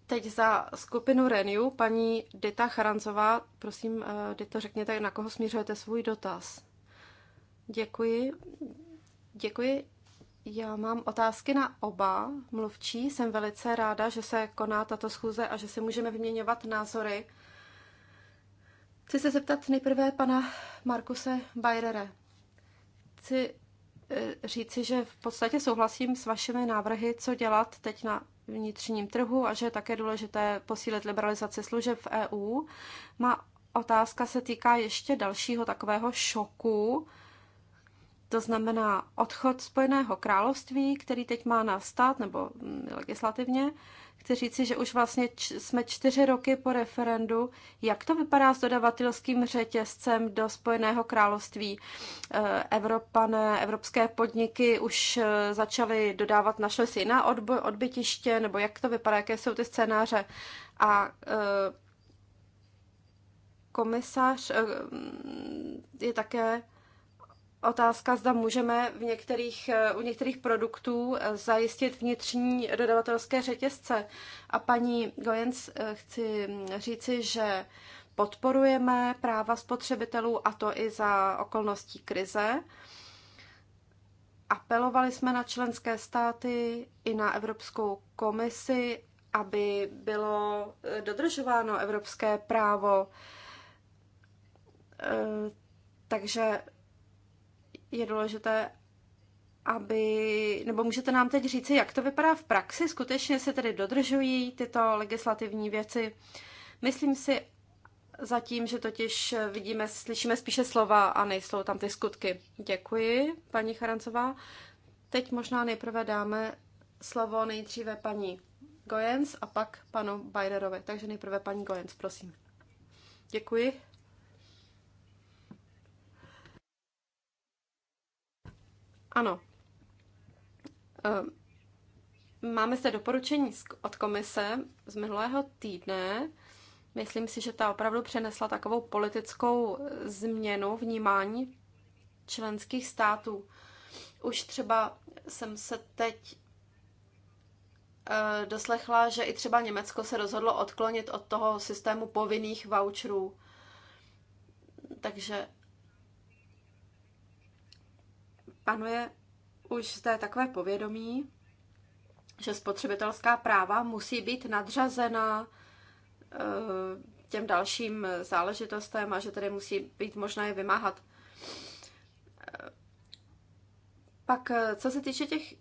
Teď za skupinu Renew paní Dita Charanzová, prosím, eh, Dito, řekněte, na koho směřujete svůj dotaz. Děkuji. Děkuji. Já mám otázky na oba mluvčí. Jsem velice ráda, že se koná tato schůze a že si můžeme vyměňovat názory. Chci se zeptat nejprve pana Markuse Bajrere chci eh, říci, že v podstatě souhlasím s vašimi návrhy, co dělat teď na vnitřním trhu a že je také důležité posílit liberalizaci služeb v EU. Má otázka se týká ještě dalšího takového šoku, to znamená odchod Spojeného království, který teď má nastat, nebo mm, legislativně, Chci říci, že už vlastně jsme čtyři roky po referendu. Jak to vypadá s dodavatelským řetězcem do Spojeného království? E, Evropané, evropské podniky už e, začaly dodávat, našly si jiná odbo- odbytiště, nebo jak to vypadá, jaké jsou ty scénáře? A e, komisař je také otázka, zda můžeme v některých, eh, u některých produktů eh, zajistit vnitřní dodavatelské řetězce. A paní Gojens, eh, chci mm, říci, že podporujeme práva spotřebitelů, a to i za okolností krize. Apelovali jsme na členské státy i na Evropskou komisi, aby bylo dodržováno evropské právo. Takže je důležité, aby, nebo můžete nám teď říci, jak to vypadá v praxi, skutečně se tedy dodržují tyto legislativní věci. Myslím si zatím, že totiž vidíme, slyšíme spíše slova a nejsou tam ty skutky. Děkuji, paní Charancová. Teď možná nejprve dáme slovo nejdříve paní Gojens a pak panu Bajderovi. Takže nejprve paní Gojens, prosím. Děkuji. Ano. Eh, máme se doporučení od komise z minulého týdne. Myslím si, že ta opravdu přenesla takovou politickou eh, změnu vnímání členských států. Už třeba jsem se teď eh, doslechla, že i třeba Německo se rozhodlo odklonit od toho systému povinných voucherů. Takže panuje už zde takové povědomí, že spotřebitelská práva musí být nadřazena eh, těm dalším záležitostem a že tedy musí být možné je vymáhat. Eh, pak, eh, co se týče těch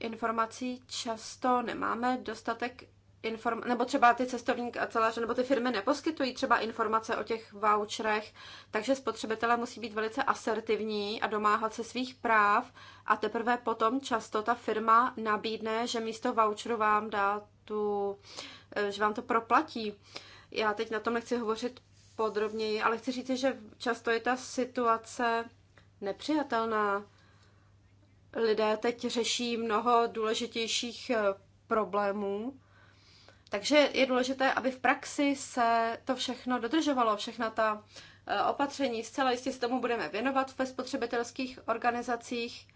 informací, často nemáme dostatek inform, nebo třeba ty cestovní kanceláře nebo ty firmy neposkytují třeba informace o těch voucherech, takže spotřebitelé musí být velice asertivní a domáhat se svých práv a teprve potom často ta firma nabídne, že místo voucheru vám dá tu, eh, že vám to proplatí. Já teď na tom nechci hovořit podrobněji, ale chci říct, že často je ta situace nepřijatelná. Lidé teď řeší mnoho důležitějších eh, problémů, takže je důležité, aby v praxi se to všechno dodržovalo, všechna ta eh, opatření. Zcela jistě se tomu budeme věnovat ve spotřebitelských organizacích.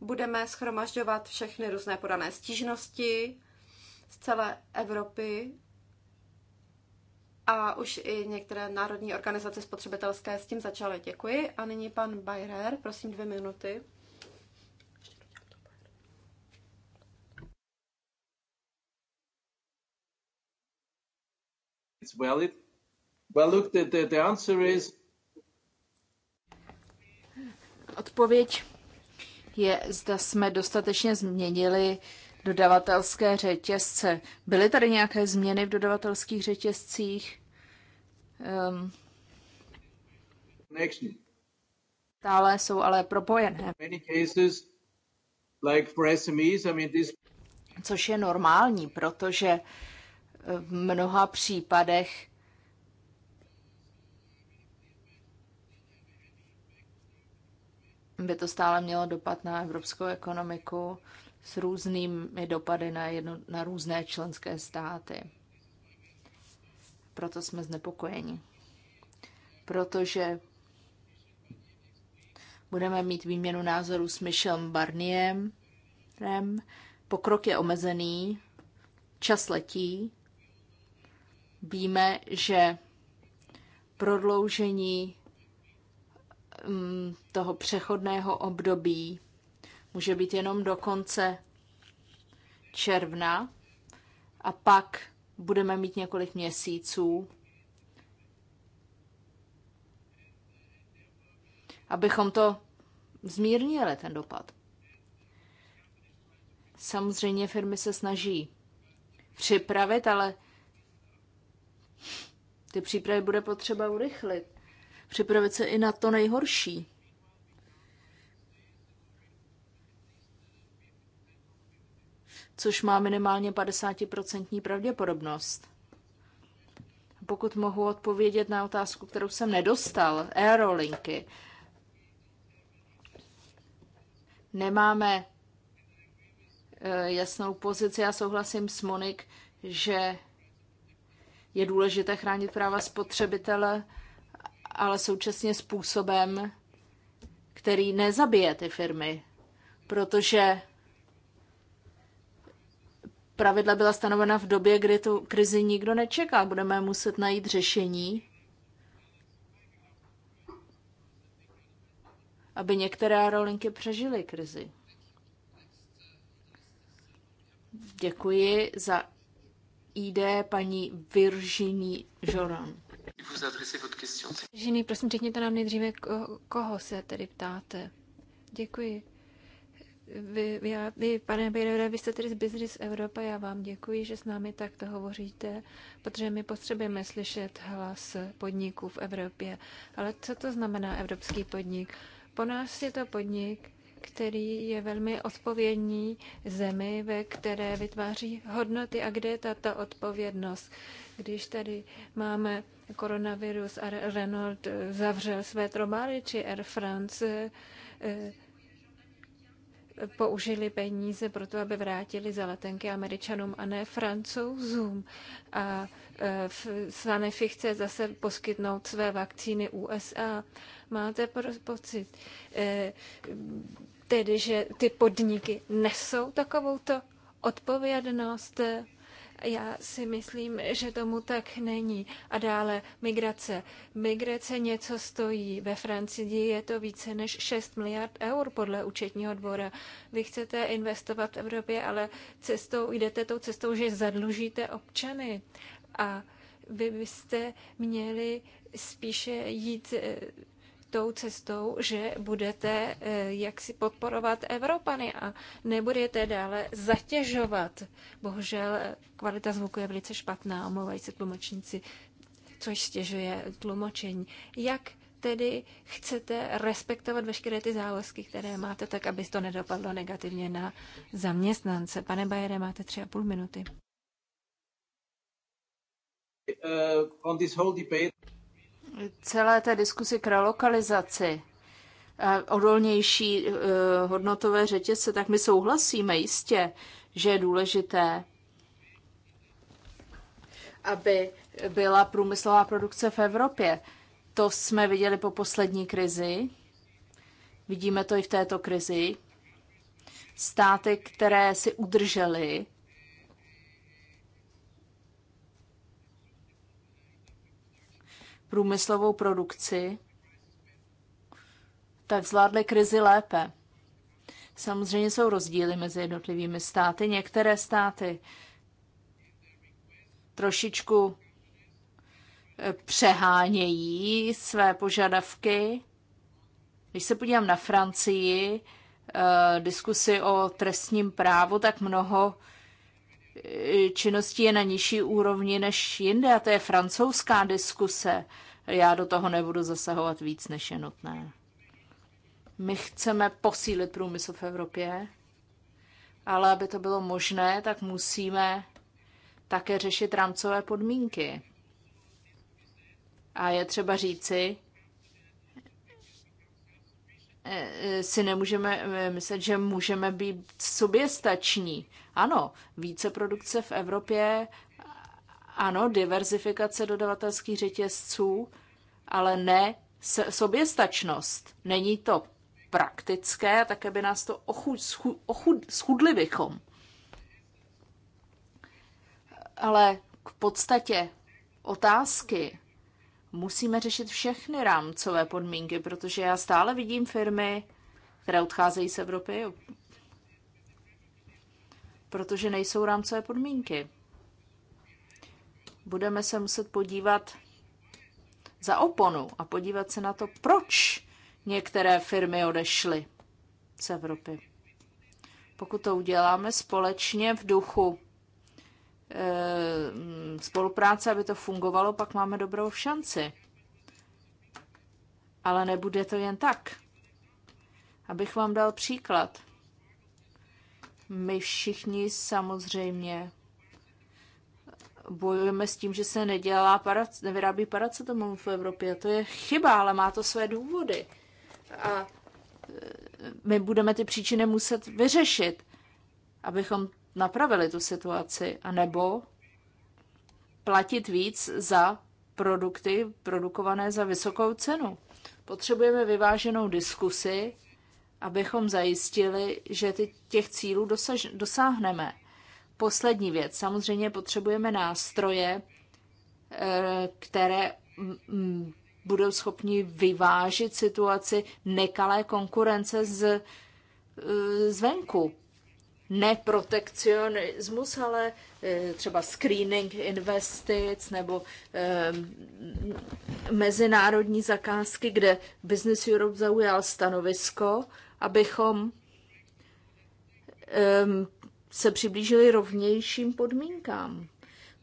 Budeme schromažďovat všechny různé podané stížnosti z celé Evropy a už i některé národní organizace spotřebitelské s tím začaly. Děkuji. A nyní pan Bayer, prosím dvě minuty. is valid? Well, look, the, the, the answer is... Odpověď je, zda jsme dostatečně změnili dodavatelské řetězce. Byly tady nějaké změny v dodavatelských řetězcích? Um, stále jsou ale propojené. Což je normální, protože v mnoha případech by to stále mělo dopad na evropskou ekonomiku s různými dopady na, jedno, na různé členské státy. Proto jsme znepokojeni. Protože budeme mít výměnu názorů s Michelem Barniem. Pokrok je omezený, čas letí Víme, že prodloužení mm, toho přechodného období může být jenom do konce června a pak budeme mít několik měsíců, abychom to zmírnili, ten dopad. Samozřejmě firmy se snaží připravit, ale ty přípravy bude potřeba urychlit. Připravit se i na to nejhorší. Což má minimálně 50% pravděpodobnost. Pokud mohu odpovědět na otázku, kterou jsem nedostal, aerolinky. Nemáme eh, jasnou pozici. Já souhlasím s Monik, že je důležité chránit práva spotřebitele, ale současně způsobem, který nezabije ty firmy, protože pravidla byla stanovena v době, kdy tu krizi nikdo nečeká. Budeme muset najít řešení, aby některé aerolinky přežily krizi. Děkuji za ID paní Virginie Joran. Virginie, prosím, řekněte nám nejdříve, koho se tedy ptáte. Děkuji. Vy, vy, vy pane Bejrere, vy jste tedy z Business Europa, já vám děkuji, že s námi takto hovoříte, protože my potřebujeme slyšet hlas podniků v Evropě. Ale co to znamená evropský podnik? Po nás je to podnik, který je velmi odpovědní zemi, ve které vytváří hodnoty a kde je tato odpovědnost. Když tady máme koronavirus a Renault zavřel své trobály, či Air France eh, eh, použili peníze pro to, aby vrátili za letenky američanům a ne francouzům. A eh, Sanefi chce zase poskytnout své vakcíny USA. Máte pocit, tedy že ty podniky nesou takovouto odpovědnost. Já si myslím, že tomu tak není. A dále migrace. Migrace něco stojí. Ve Francii je to více než 6 miliard eur podle účetního dvora. Vy chcete investovat v Evropě, ale cestou, jdete tou cestou, že zadlužíte občany. A vy byste měli spíše jít eh, tou cestou, že budete eh, jak si podporovat Evropany a nebudete dále zatěžovat. Bohužel eh, kvalita zvuku je velice špatná, omlouvají se tlumočníci, což stěžuje tlumočení. Jak tedy chcete respektovat veškeré ty závazky, které máte, tak aby to nedopadlo negativně na zaměstnance. Pane Bajere, máte tři a půl minuty. Uh, celé té diskusi k relokalizaci odolnější e, hodnotové řetězce, tak my souhlasíme jistě, že je důležité, aby byla průmyslová produkce v Evropě. To jsme viděli po poslední krizi. Vidíme to i v této krizi. Státy, které si udržely průmyslovou produkci, tak zvládly krizi lépe. Samozřejmě jsou rozdíly mezi jednotlivými státy. Některé státy trošičku eh, přehánějí své požadavky. Když se podívám na Francii, eh, diskusy o trestním právu, tak mnoho činností je na nižší úrovni než jinde a to je francouzská diskuse. Já do toho nebudu zasahovat víc, než je nutné. My chceme posílit průmysl v Evropě, ale aby to bylo možné, tak musíme také řešit rámcové podmínky. A je třeba říci, Eh, eh, si nemůžeme eh, myslet, že můžeme být soběstační. Ano, více produkce v Evropě, ano, diverzifikace dodavatelských řetězců, ale ne soběstačnost. Není to praktické, také by nás to ochud, schud, ochud, schudli bychom. Ale k podstatě otázky musíme řešit všechny rámcové podmínky, protože já stále vidím firmy, které odcházejí z Evropy, protože nejsou rámcové podmínky. Budeme se muset podívat za oponu a podívat se na to, proč některé firmy odešly z Evropy. Pokud to uděláme společně v duchu Eh, spolupráce, aby to fungovalo, pak máme dobrou šanci. Ale nebude to jen tak. Abych vám dal příklad. My všichni samozřejmě bojujeme s tím, že se nedělá parac- nevyrábí paracetamol v Evropě. To je chyba, ale má to své důvody. A eh, my budeme ty příčiny muset vyřešit, abychom napravili tu situaci, anebo platit víc za produkty produkované za vysokou cenu. Potřebujeme vyváženou diskusi, abychom zajistili, že těch cílů dosaž, dosáhneme. Poslední věc. Samozřejmě potřebujeme nástroje, eh, které budou schopni vyvážit situaci nekalé konkurence z, eh, zvenku ne protekcionismus, ale eh, třeba screening investic nebo eh, mezinárodní zakázky, kde Business Europe zaujal stanovisko, abychom ehm, se přiblížili rovnějším podmínkám.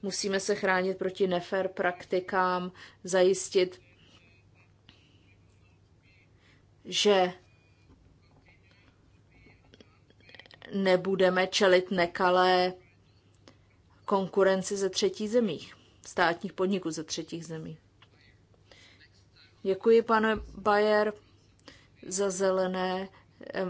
Musíme se chránit proti nefér praktikám, zajistit, že nebudeme čelit nekalé konkurenci ze třetích zemích, státních podniků ze třetích zemí. Děkuji, pane Bayer, za zelené.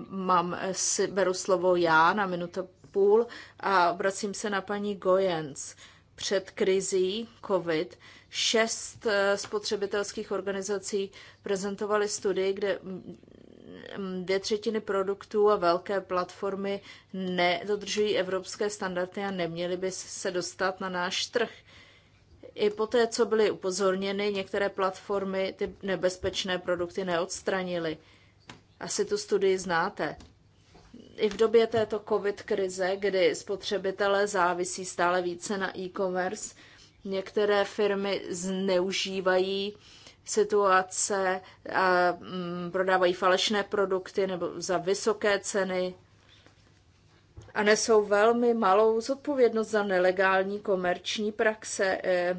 Mám, eh, si, beru slovo já na minutu půl a obracím se na paní Gojens. Před krizí COVID šest eh, spotřebitelských organizací prezentovali studii, kde Mm, dvě třetiny produktů a velké platformy nedodržují evropské standardy a neměly by se dostat na náš trh. I poté, co byly upozorněny, některé platformy ty nebezpečné produkty neodstranily. Asi tu studii znáte. I v době této covid krize, kdy spotřebitelé závisí stále více na e-commerce, některé firmy zneužívají situace, a mm, prodávají falešné produkty nebo za vysoké ceny a nesou velmi malou zodpovědnost za nelegální komerční praxe e,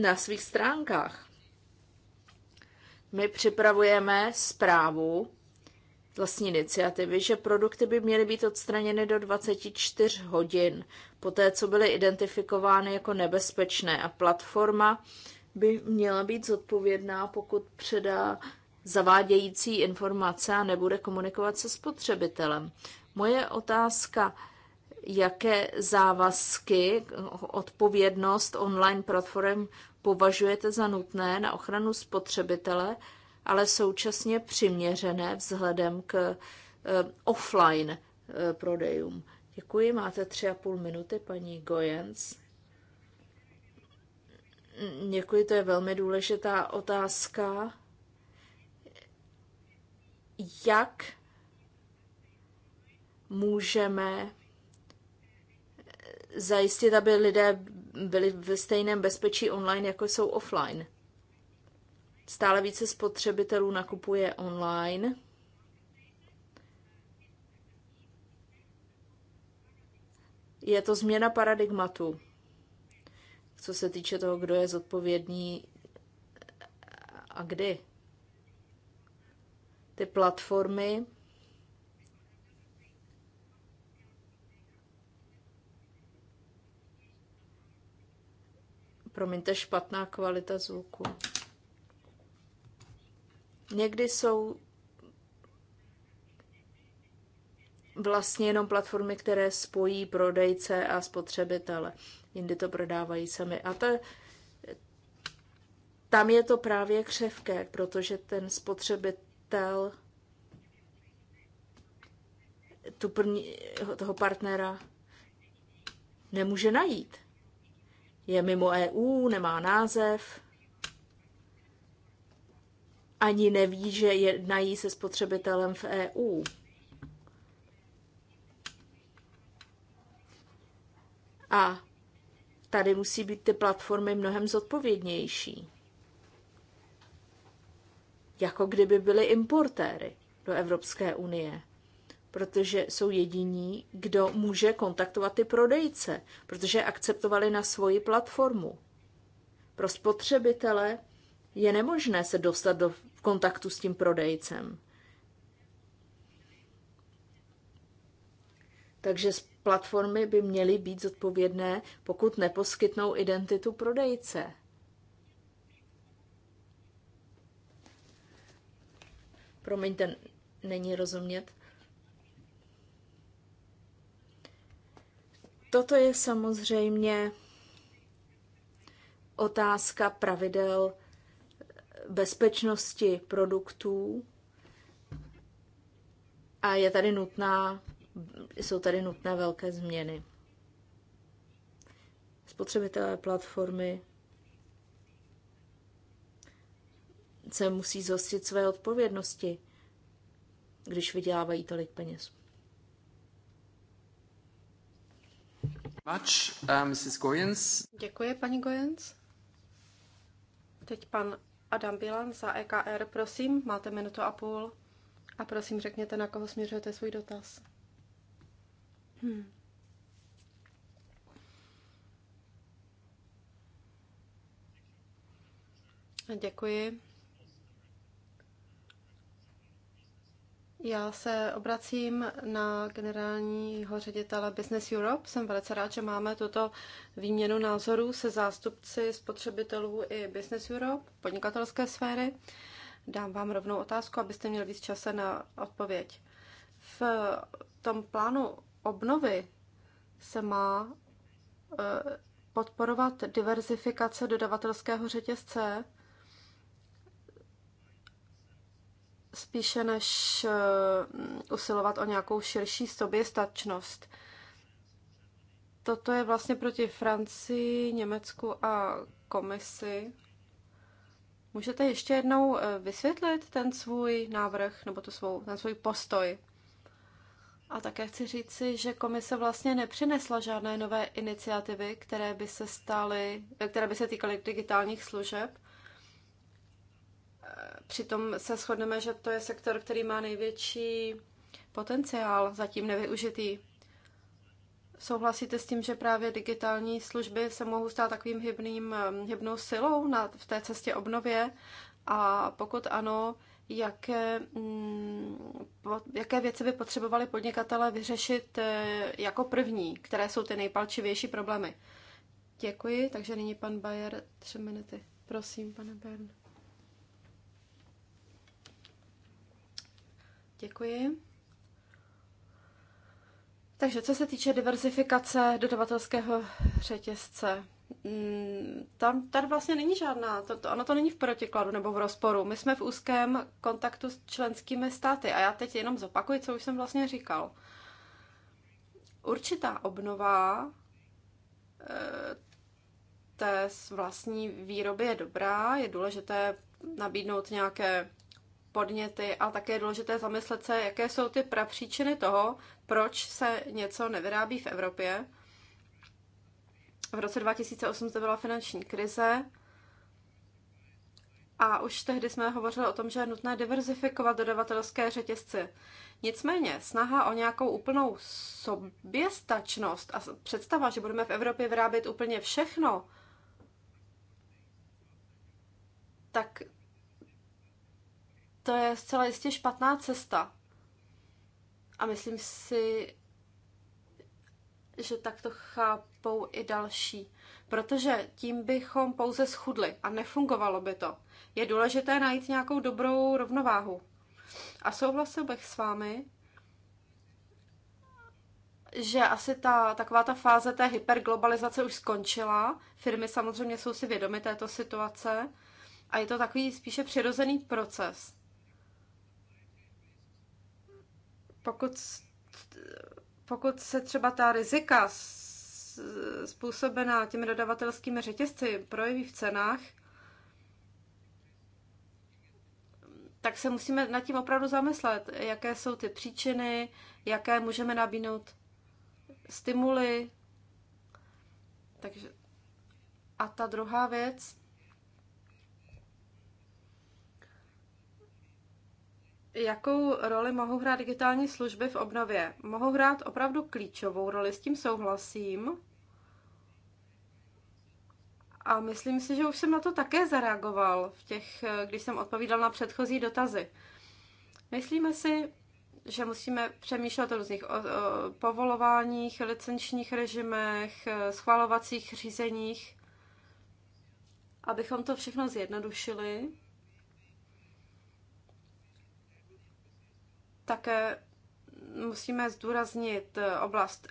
na svých stránkách. My připravujeme zprávu vlastní iniciativy, že produkty by měly být odstraněny do 24 hodin, poté co byly identifikovány jako nebezpečné a platforma by měla být zodpovědná, pokud předá zavádějící informace a nebude komunikovat se spotřebitelem. Moje otázka, jaké závazky, odpovědnost online platform považujete za nutné na ochranu spotřebitele, ale současně přiměřené vzhledem k eh, offline eh, prodejům. Děkuji, máte tři a půl minuty, paní Gojens. Děkuji, to je velmi důležitá otázka. Jak můžeme zajistit, aby lidé byli ve stejném bezpečí online, jako jsou offline? Stále více spotřebitelů nakupuje online. Je to změna paradigmatu co se týče toho, kdo je zodpovědný a kdy. Ty platformy promiňte, špatná kvalita zvuku. Někdy jsou vlastně jenom platformy, které spojí prodejce a spotřebitele jindy to prodávají sami. A to, tam je to právě křevké, protože ten spotřebitel tu první, toho partnera nemůže najít. Je mimo EU, nemá název, ani neví, že jednají se spotřebitelem v EU. A tady musí být ty platformy mnohem zodpovědnější. Jako kdyby byly importéry do Evropské unie, protože jsou jediní, kdo může kontaktovat ty prodejce, protože akceptovali na svoji platformu. Pro spotřebitele je nemožné se dostat do kontaktu s tím prodejcem. Takže platformy by měly být zodpovědné, pokud neposkytnou identitu prodejce. Promiňte, není rozumět. Toto je samozřejmě otázka pravidel bezpečnosti produktů a je tady nutná jsou tady nutné velké změny. Spotřebitelé platformy se musí zhostit své odpovědnosti, když vydělávají tolik peněz. Much, uh, Mrs. Goyens. Děkuji, paní Goyens. Teď pan Adam Bilan za EKR, prosím, máte minutu a půl a prosím řekněte, na koho směřujete svůj dotaz. Hmm. Děkuji. Já se obracím na generálního ředitele Business Europe. Jsem velice rád, že máme tuto výměnu názorů se zástupci spotřebitelů i Business Europe, podnikatelské sféry. Dám vám rovnou otázku, abyste měli víc čase na odpověď. V tom plánu obnovy se má eh, podporovat diverzifikace dodavatelského řetězce spíše než eh, usilovat o nějakou širší soběstačnost. Toto je vlastně proti Francii, Německu a komisi. Můžete ještě jednou eh, vysvětlit ten svůj návrh nebo tu svou, ten svůj postoj? A také chci říci, že komise vlastně nepřinesla žádné nové iniciativy, které by se staly, které by se týkaly digitálních služeb. Přitom se shodneme, že to je sektor, který má největší potenciál zatím nevyužitý. Souhlasíte s tím, že právě digitální služby se mohou stát takovým hybným, hybnou silou na, v té cestě obnově? A pokud ano, jaké, mm, jaké věci by potřebovali podnikatele vyřešit eh, jako první, které jsou ty nejpalčivější problémy. Děkuji, takže nyní pan Bayer, tři minuty. Prosím, pane Bern. Děkuji. Takže co se týče diverzifikace dodavatelského řetězce, Mm, tam, tady vlastně není žádná, to, to, ono to není v protikladu nebo v rozporu. My jsme v úzkém kontaktu s členskými státy a já teď jenom zopakuji, co už jsem vlastně říkal. Určitá obnova eh, té vlastní výroby je dobrá, je důležité nabídnout nějaké podněty, ale také je důležité zamyslet se, jaké jsou ty prapříčiny toho, proč se něco nevyrábí v Evropě v roce 2008 to byla finanční krize a už tehdy jsme hovořili o tom, že je nutné diverzifikovat dodavatelské řetězce. Nicméně snaha o nějakou úplnou soběstačnost a představa, že budeme v Evropě vyrábět úplně všechno, tak to je zcela jistě špatná cesta. A myslím si, že tak to chápou i další. Protože tím bychom pouze schudli a nefungovalo by to. Je důležité najít nějakou dobrou rovnováhu. A souhlasil bych s vámi, že asi ta, taková ta fáze té hyperglobalizace už skončila. Firmy samozřejmě jsou si vědomy této situace a je to takový spíše přirozený proces. Pokud pokud se třeba ta rizika způsobená těmi dodavatelskými řetězci projeví v cenách, tak se musíme nad tím opravdu zamyslet, jaké jsou ty příčiny, jaké můžeme nabídnout stimuly. Takže a ta druhá věc, jakou roli mohou hrát digitální služby v obnově. Mohou hrát opravdu klíčovou roli, s tím souhlasím. A myslím si, že už jsem na to také zareagoval, v těch, když jsem odpovídal na předchozí dotazy. Myslíme si, že musíme přemýšlet o různých povolováních, licenčních režimech, schvalovacích řízeních, abychom to všechno zjednodušili Také musíme zdůraznit eh, oblast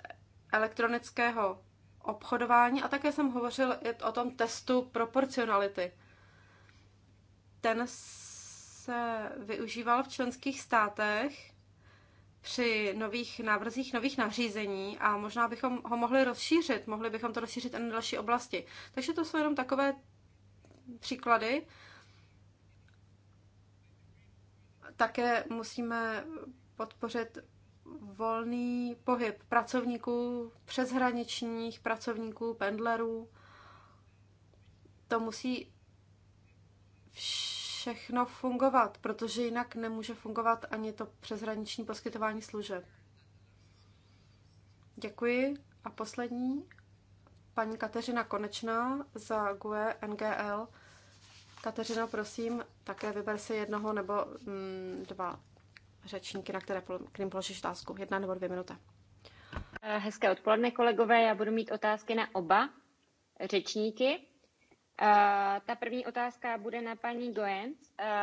elektronického obchodování a také jsem hovořil o tom testu proporcionality. Ten se využíval v členských státech při nových návrzích, nových nařízení a možná bychom ho mohli rozšířit, mohli bychom to rozšířit i na další oblasti. Takže to jsou jenom takové příklady, také musíme podpořit volný pohyb pracovníků, přeshraničních pracovníků, pendlerů. To musí všechno fungovat, protože jinak nemůže fungovat ani to přeshraniční poskytování služeb. Děkuji. A poslední, paní Kateřina Konečná za GUE NGL. Kateřino, prosím, také vyber si jednoho nebo mm, dva řečníky, na které kterým položíš otázku. Jedna nebo dvě minuty. Eh, hezké odpoledne, kolegové. Já budu mít otázky na oba řečníky. Eh, ta první otázka bude na paní Goenc. Eh,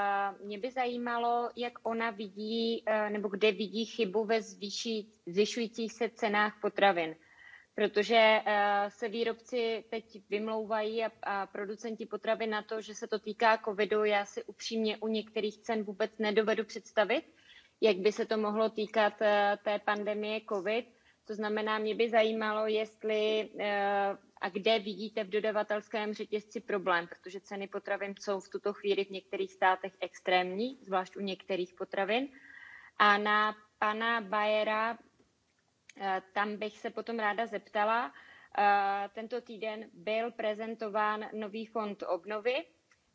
mě by zajímalo, jak ona vidí nebo kde vidí chybu ve zvyšujících se cenách potravin protože eh, se výrobci teď vymlouvají a, a producenti potravy na to, že se to týká covidu. Já si upřímně u některých cen vůbec nedovedu představit, jak by se to mohlo týkat eh, té pandemie covid. To znamená, mě by zajímalo, jestli eh, a kde vidíte v dodavatelském řetězci problém, protože ceny potravin jsou v tuto chvíli v některých státech extrémní, zvlášť u některých potravin. A na pana Bayera Eh, tam bych se potom ráda zeptala. Eh, tento týden byl prezentován nový fond obnovy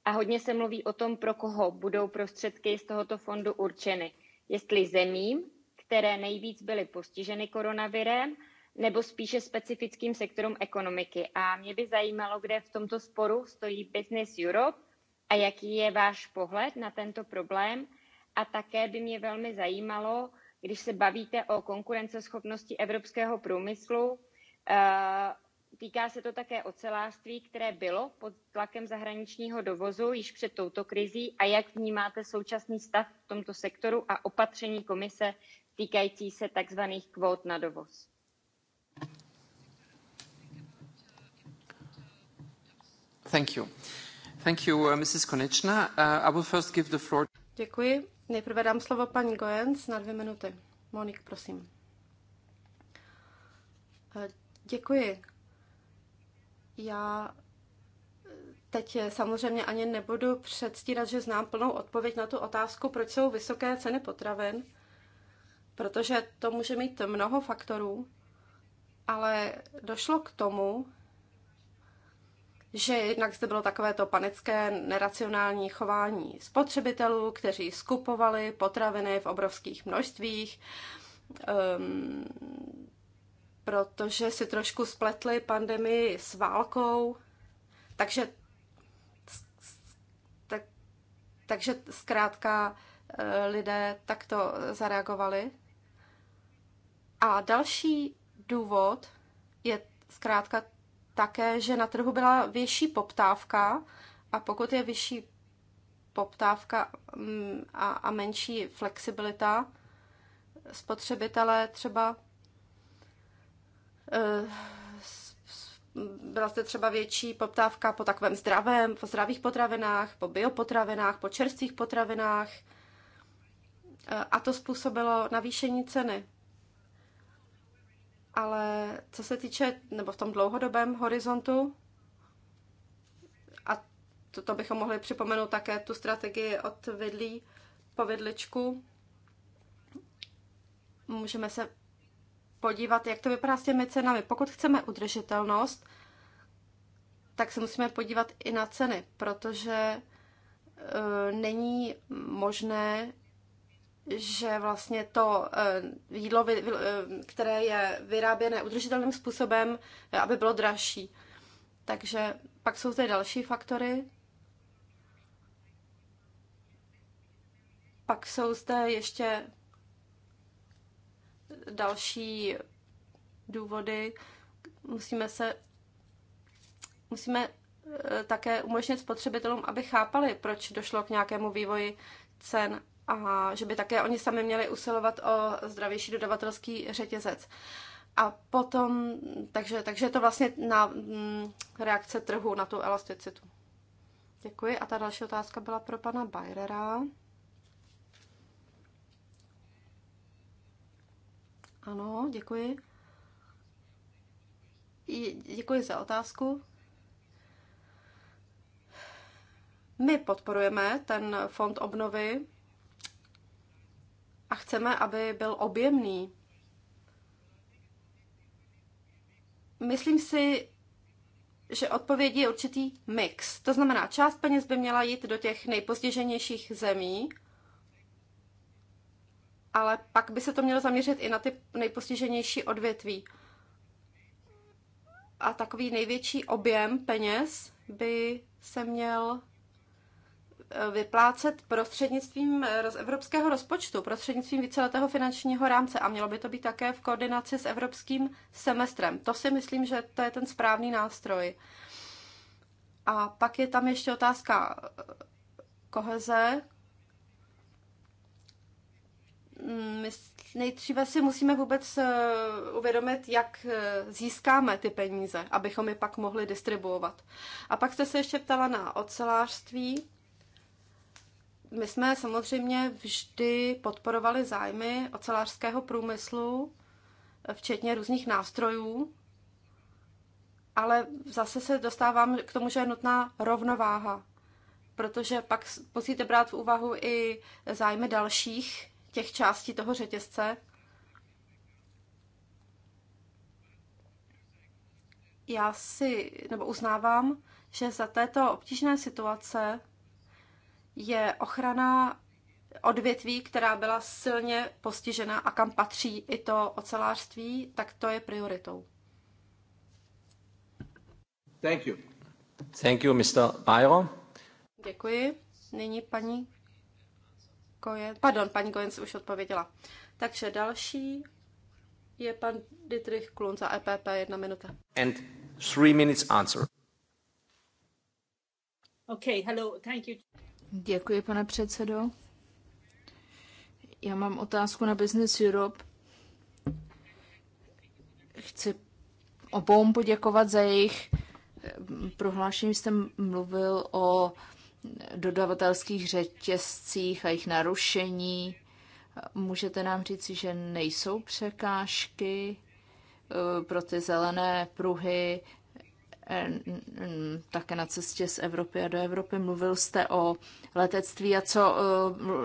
a hodně se mluví o tom, pro koho budou prostředky z tohoto fondu určeny. Jestli zemím, které nejvíc byly postiženy koronavirem, nebo spíše specifickým sektorům ekonomiky. A mě by zajímalo, kde v tomto sporu stojí Business Europe a jaký je váš pohled na tento problém. A také by mě velmi zajímalo, když se bavíte o konkurenceschopnosti evropského průmyslu. Eh, týká se to také ocelářství, které bylo pod tlakem zahraničního dovozu již před touto krizí a jak vnímáte současný stav v tomto sektoru a opatření komise týkající se tzv. kvót na dovoz. Thank you. Thank you, uh, Mrs. Konečná. Uh, I will first give the floor. Děkuji. Nejprve dám slovo paní Goenc na dvě minuty. Monik, prosím. Eh, děkuji. Já eh, teď samozřejmě ani nebudu předstírat, že znám plnou odpověď na tu otázku, proč jsou vysoké ceny potravin, protože to může mít mnoho faktorů, ale došlo k tomu, že jednak zde bylo to panické, neracionální chování spotřebitelů, kteří skupovali potraviny v obrovských množstvích, um, protože si trošku spletli pandemii s válkou, takže tak, takže zkrátka eh, lidé takto zareagovali. A další důvod je zkrátka také, že na trhu byla vyšší poptávka a pokud je vyšší poptávka mm, a, a menší flexibilita spotřebitele třeba eh, byla zde třeba větší poptávka po takovém zdravém, po zdravých potravinách, po biopotravinách, po čerstvých potravinách eh, a to způsobilo navýšení ceny ale co se týče, nebo v tom dlouhodobém horizontu, a to, to bychom mohli připomenout také tu strategii od vidlí po vidličku, můžeme se podívat, jak to vypadá s těmi cenami. Pokud chceme udržitelnost, tak se musíme podívat i na ceny, protože e, není možné že vlastně to eh, jídlo, eh, které je vyráběné udržitelným způsobem, eh, aby bylo dražší. Takže pak jsou zde další faktory. Pak jsou zde ještě další důvody. Musíme se musíme také umožnit spotřebitelům, aby chápali, proč došlo k nějakému vývoji cen a že by také oni sami měli usilovat o zdravější dodavatelský řetězec. A potom, takže, takže je to vlastně na mm, reakce trhu, na tu elasticitu. Děkuji. A ta další otázka byla pro pana Bajrera. Ano, děkuji. Děkuji za otázku. My podporujeme ten fond obnovy a chceme, aby byl objemný. Myslím si, že odpověď je určitý mix. To znamená, část peněz by měla jít do těch nejpostiženějších zemí, ale pak by se to mělo zaměřit i na ty nejpostiženější odvětví. A takový největší objem peněz by se měl Eh, vyplácet prostřednictvím eh, evropského rozpočtu, prostřednictvím víceletého finančního rámce a mělo by to být také v koordinaci s evropským semestrem. To si myslím, že to je ten správný nástroj. A pak je tam ještě otázka eh, koheze. Mm, nejdříve si musíme vůbec uvědomit, jak získáme ty peníze, abychom je pak mohli distribuovat. A pak jste se ještě ptala na ocelářství. My jsme samozřejmě vždy podporovali zájmy ocelářského průmyslu, včetně různých nástrojů, ale zase se dostávám k tomu, že je nutná rovnováha, protože pak musíte brát v úvahu i zájmy dalších těch částí toho řetězce. Já si, nebo uznávám, že za této obtížné situace je ochrana odvětví, která byla silně postižena a kam patří i to ocelářství, tak to je prioritou. Thank you. Thank you, Mr. Byron. Děkuji. Nyní paní Kojen. Pardon, paní Kojen už odpověděla. Takže další je pan Dietrich Klun za EPP, jedna minuta. And three minutes answer. Okay, hello, thank you. Děkuji, pane předsedo. Já mám otázku na Business Europe. Chci obou poděkovat za jejich eh, prohlášení. Jste mluvil o dodavatelských řetězcích a jejich narušení. Můžete nám říct, že nejsou překážky eh, pro ty zelené pruhy Eh, také na cestě z Evropy a do Evropy. Mluvil jste o letectví a co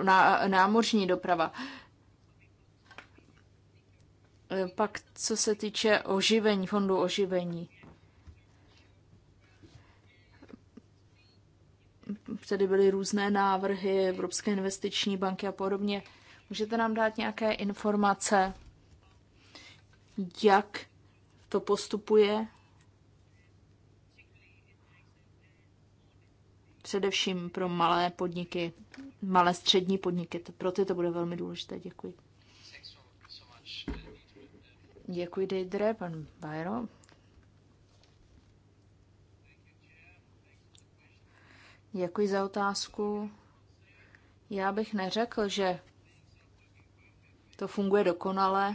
eh, na, námořní doprava. Eh, pak co se týče oživení, fondu oživení. Tady byly různé návrhy Evropské investiční banky a podobně. Můžete nám dát nějaké informace, jak to postupuje? především pro malé podniky, malé střední podniky. Pro ty to bude velmi důležité. Děkuji. Děkuji, Deidre, pan Bajro. Děkuji za otázku. Já bych neřekl, že to funguje dokonale,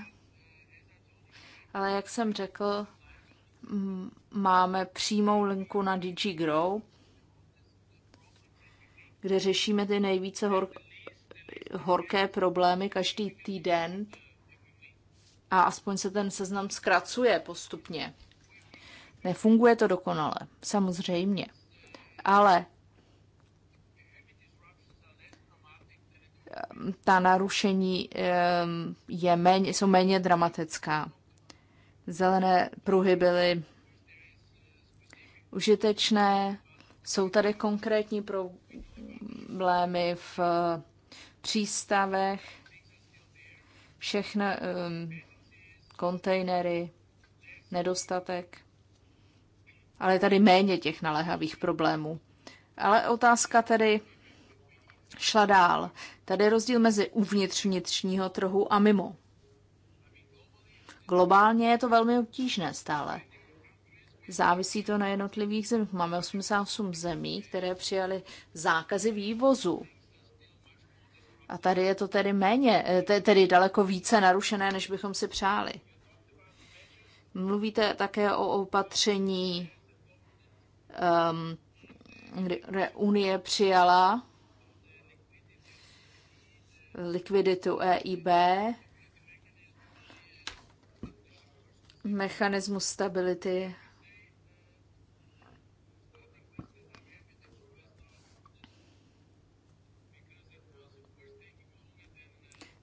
ale jak jsem řekl, máme přímou linku na DigiGrow kde řešíme ty nejvíce hor, horké problémy každý týden a aspoň se ten seznam zkracuje postupně. Nefunguje to dokonale, samozřejmě. Ale ehm, ta narušení ehm, je méně, jsou méně dramatická. Zelené pruhy byly užitečné, jsou tady konkrétní problémy v eh, přístavech, všechny um, kontejnery, nedostatek. Ale je tady méně těch naléhavých problémů. Ale otázka tedy šla dál. Tady je rozdíl mezi uvnitř vnitřního trhu a mimo. Globálně je to velmi obtížné stále. Závisí to na jednotlivých zemích. Máme 88 zemí, které přijaly zákazy vývozu. A tady je to tedy méně, eh, tedy daleko více narušené, než bychom si přáli. Mluvíte také o opatření, ehm, kde Unie přijala likviditu EIB, mechanismus stability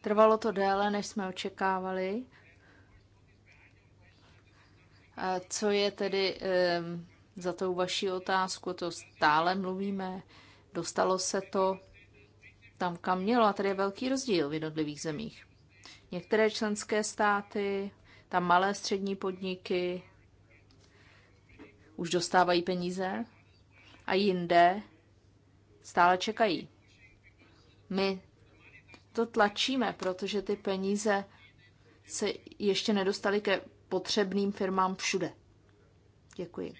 Trvalo to déle, než jsme očekávali. A co je tedy um, za tou vaší otázku? To stále mluvíme. Dostalo se to tam, kam mělo. A tady je velký rozdíl v jednotlivých zemích. Některé členské státy, tam malé střední podniky už dostávají peníze a jinde stále čekají. My to tlačíme, protože ty peníze se ještě nedostaly ke potřebným firmám všude. Děkuji.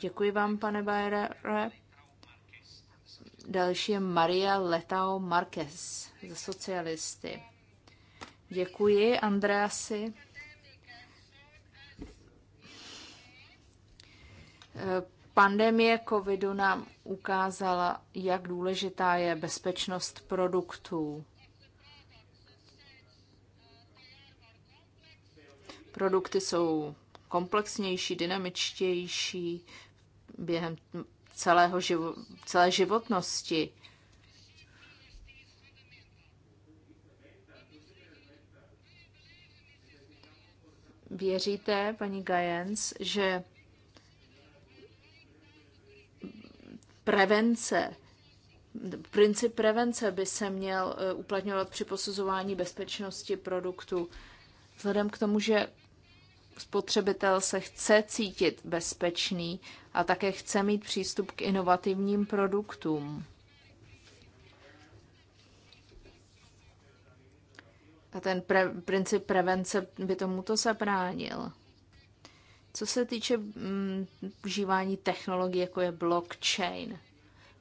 Děkuji vám, pane Bajere. Další je Maria Letao Marquez ze socialisty. Děkuji, Andreasi. Pandemie covidu nám ukázala, jak důležitá je bezpečnost produktů. Produkty jsou komplexnější, dynamičtější během celého živo- celé životnosti. Věříte, paní Gajens, že prevence. Princip prevence by se měl eh, uplatňovat při posuzování bezpečnosti produktu. Vzhledem k tomu, že spotřebitel se chce cítit bezpečný a také chce mít přístup k inovativním produktům. A ten pre- princip prevence by tomuto zabránil. Co se týče mm, užívání technologií, jako je blockchain,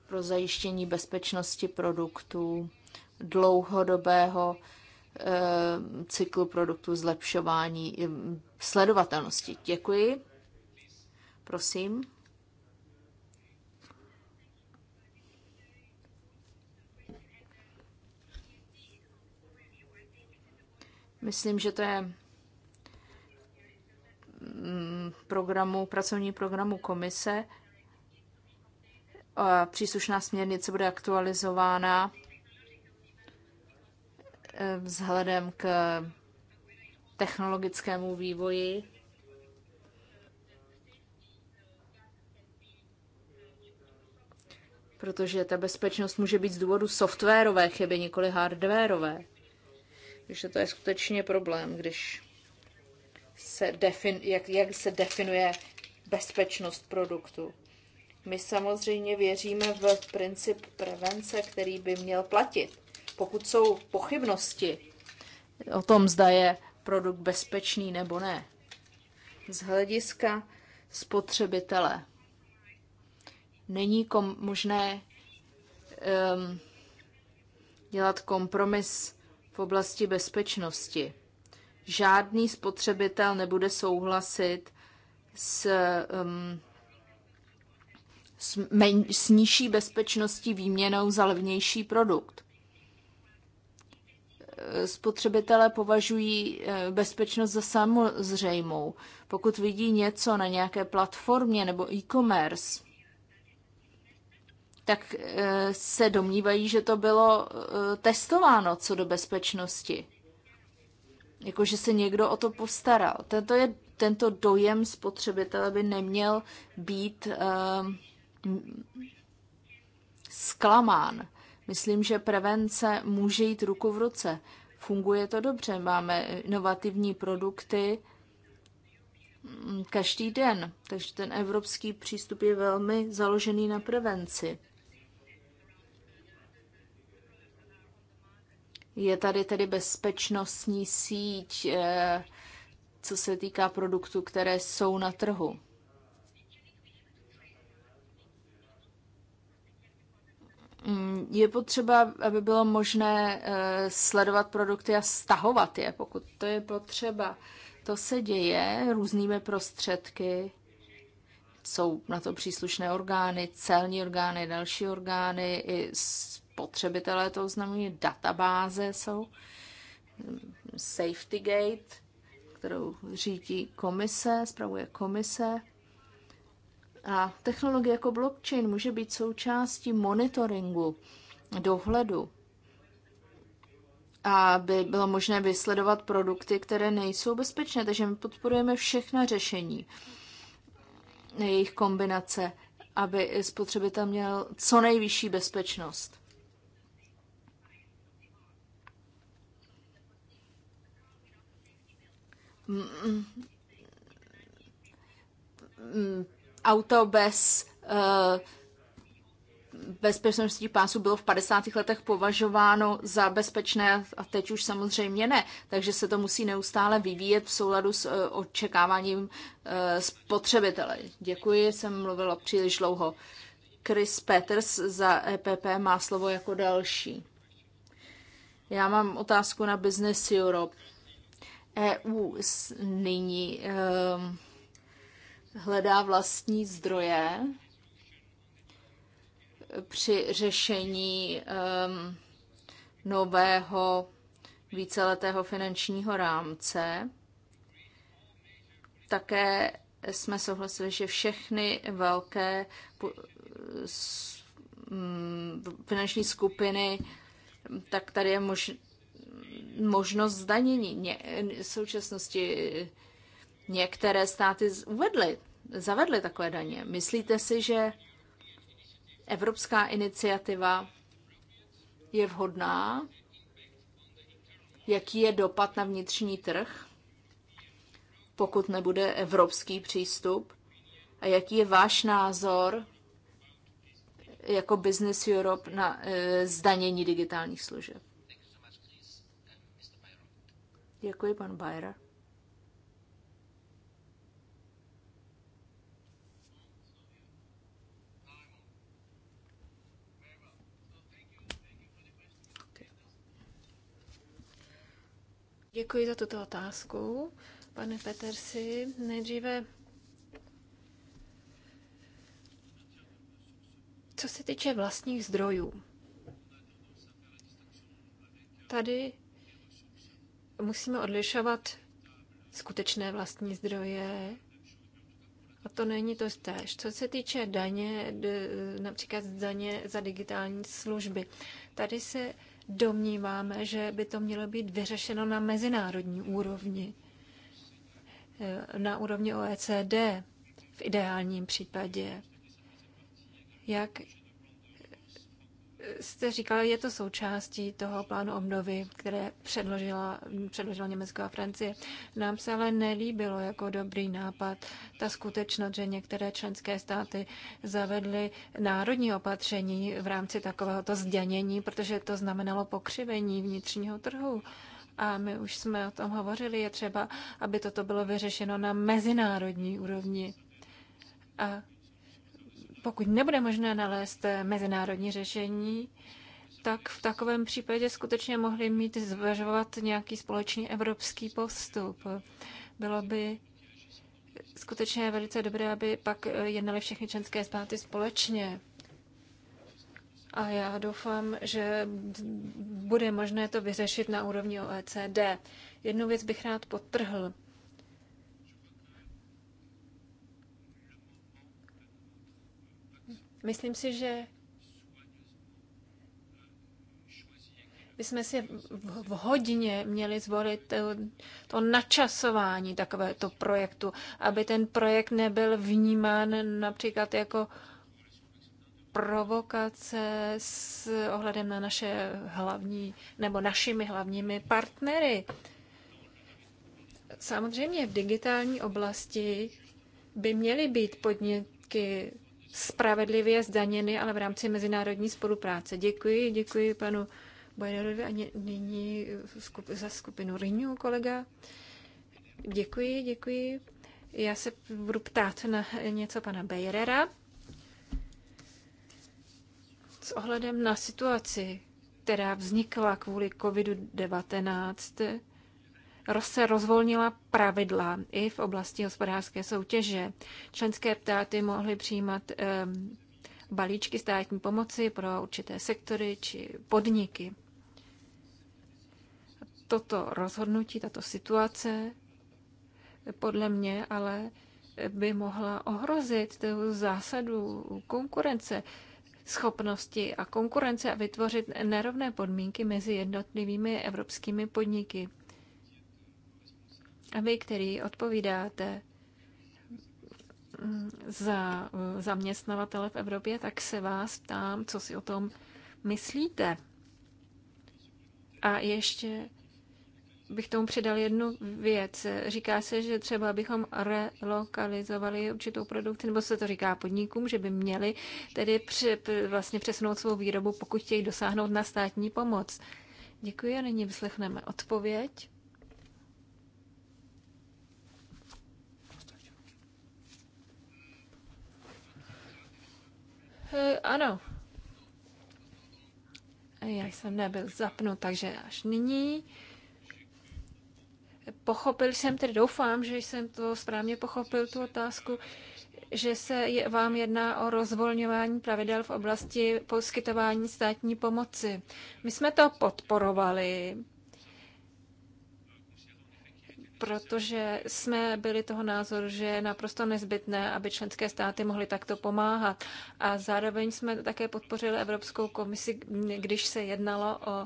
pro zajištění bezpečnosti produktů, dlouhodobého e, cyklu produktů, zlepšování e, sledovatelnosti. Děkuji. Prosím. Myslím, že to je Mm, programu, pracovní programu komise. Příslušná směrnice bude aktualizována eh, vzhledem k technologickému vývoji. Protože ta bezpečnost může být z důvodu softwarové chyby, nikoli hardwarové. Takže to je skutečně problém, když se defin, jak, jak se definuje bezpečnost produktu. My samozřejmě věříme v princip prevence, který by měl platit. Pokud jsou pochybnosti o tom, zda je produkt bezpečný nebo ne, z hlediska spotřebitele není kom- možné um, dělat kompromis v oblasti bezpečnosti žádný spotřebitel nebude souhlasit s, um, s, men, s nižší bezpečností výměnou za levnější produkt. Eh, spotřebitelé považují eh, bezpečnost za samozřejmou. Pokud vidí něco na nějaké platformě nebo e-commerce, tak eh, se domnívají, že to bylo testováno co do bezpečnosti jako že se někdo o to postaral. Tento, je, tento dojem spotřebitele by neměl být uh, zklamán. Myslím, že prevence může jít ruku v ruce. Funguje to dobře, máme inovativní produkty mm, každý den, takže ten evropský přístup je velmi založený na prevenci. Je tady tedy bezpečnostní síť, eh, co se týká produktů, které jsou na trhu. Mm, je potřeba, aby bylo možné eh, sledovat produkty a stahovat je, pokud to je potřeba. To se děje různými prostředky. Jsou na to příslušné orgány, celní orgány, další orgány, i spotřebitelé to oznamují, databáze jsou, Safety Gate, kterou řídí komise, spravuje komise. A technologie jako blockchain může být součástí monitoringu, dohledu, aby bylo možné vysledovat produkty, které nejsou bezpečné. Takže my podporujeme všechna řešení, jejich kombinace, aby spotřebitel měl co nejvyšší bezpečnost. auto bez eh, bezpečnostní pásu bylo v 50. letech považováno za bezpečné a teď už samozřejmě ne. Takže se to musí neustále vyvíjet v souladu s eh, očekáváním eh, spotřebitele. Děkuji, jsem mluvila příliš dlouho. Chris Peters za EPP má slovo jako další. Já mám otázku na Business Europe. EU nyní hledá vlastní zdroje při řešení nového víceletého finančního rámce. Také jsme souhlasili, že všechny velké mm, finanční skupiny, tak tady je možné možnost zdanění. Ně, v současnosti některé státy uvedly, zavedly takové daně. Myslíte si, že evropská iniciativa je vhodná? Jaký je dopad na vnitřní trh, pokud nebude evropský přístup? A jaký je váš názor jako Business Europe na e, zdanění digitálních služeb? Děkuji, pan Bayer. Děkuji za tuto otázku, pane Petersi. Nejdříve, co se týče vlastních zdrojů. Tady musíme odlišovat skutečné vlastní zdroje a to není to též. Co se týče daně, například daně za digitální služby, tady se domníváme, že by to mělo být vyřešeno na mezinárodní úrovni, na úrovni OECD v ideálním případě. Jak jste říkal, je to součástí toho plánu obnovy, které předložila, předložila Německo a Francie. Nám se ale nelíbilo jako dobrý nápad ta skutečnost, že některé členské státy zavedly národní opatření v rámci takovéhoto zdanění, protože to znamenalo pokřivení vnitřního trhu a my už jsme o tom hovořili, je třeba, aby toto bylo vyřešeno na mezinárodní úrovni. A pokud nebude možné nalézt mezinárodní řešení, tak v takovém případě skutečně mohli mít zvažovat nějaký společný evropský postup. Bylo by skutečně velice dobré, aby pak jednali všechny členské státy společně. A já doufám, že bude možné to vyřešit na úrovni OECD. Jednu věc bych rád podtrhl. Myslím si, že bychom si vhodně měli zvolit eh, to načasování takovéto projektu, aby ten projekt nebyl vnímán například jako provokace s ohledem na naše hlavní nebo našimi hlavními partnery. Samozřejmě v digitální oblasti by měly být podnětky spravedlivě zdaněny, ale v rámci mezinárodní spolupráce. Děkuji, děkuji panu Bajnerovi a nyní za skupinu Renew kolega. Děkuji, děkuji. Já se budu ptát na něco pana Bejrera. S ohledem na situaci, která vznikla kvůli COVID-19, se rozvolnila pravidla i v oblasti hospodářské soutěže. Členské ptáty mohly přijímat balíčky státní pomoci pro určité sektory či podniky. Toto rozhodnutí, tato situace podle mě ale by mohla ohrozit tu zásadu konkurence schopnosti a konkurence a vytvořit nerovné podmínky mezi jednotlivými evropskými podniky. A vy, který odpovídáte mm, za eh, zaměstnavatele v Evropě, tak se vás ptám, co si o tom myslíte. A ještě bych tomu přidal jednu věc. Říká se, že třeba bychom relokalizovali určitou produkci, nebo se to říká podnikům, že by měli tedy při, vlastně přesunout svou výrobu, pokud chtějí dosáhnout na státní pomoc. Děkuji a nyní vyslechneme odpověď. Eh, ano. Já jsem nebyl zapnut, takže až nyní. Pochopil jsem, tedy doufám, že jsem to správně pochopil, tu otázku že se vám jedná o rozvolňování pravidel v oblasti poskytování státní pomoci. My jsme to podporovali protože jsme byli toho názoru, že je naprosto nezbytné, aby členské státy mohly takto pomáhat. A zároveň jsme také podpořili Evropskou komisi, když se jednalo o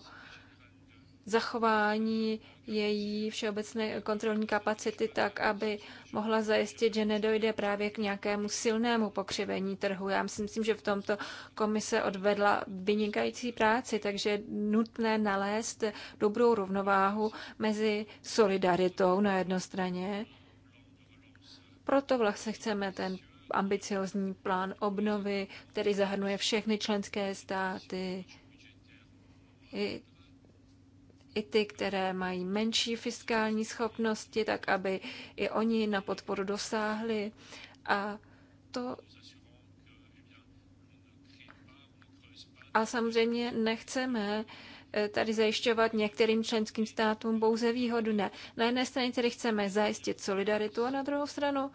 zachování její všeobecné kontrolní kapacity tak, aby mohla zajistit, že nedojde právě k nějakému silnému pokřivení trhu. Já si myslím, že v tomto komise odvedla vynikající práci, takže je nutné nalézt dobrou rovnováhu mezi solidaritou na jedné straně. Proto vlastně chceme ten ambiciozní plán obnovy, který zahrnuje všechny členské státy, i ty, které mají menší fiskální schopnosti, tak aby i oni na podporu dosáhli. A to a samozřejmě nechceme eh, tady zajišťovat některým členským státům pouze výhodu. Ne. Na jedné straně tedy chceme zajistit solidaritu a na druhou stranu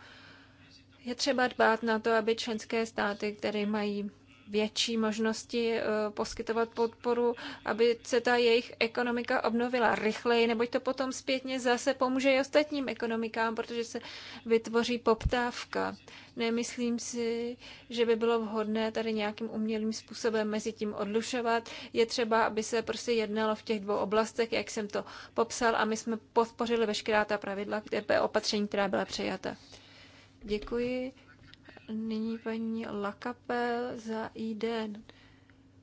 je třeba dbát na to, aby členské státy, které mají větší možnosti eh, poskytovat podporu, aby se ta jejich ekonomika obnovila rychleji, neboť to potom zpětně zase pomůže i ostatním ekonomikám, protože se vytvoří poptávka. Nemyslím si, že by bylo vhodné tady nějakým umělým způsobem mezi tím odlušovat. Je třeba, aby se prostě jednalo v těch dvou oblastech, jak jsem to popsal, a my jsme podpořili veškerá ta pravidla, opatření, která byla přijata. Děkuji. Nyní paní Lakapel za ID.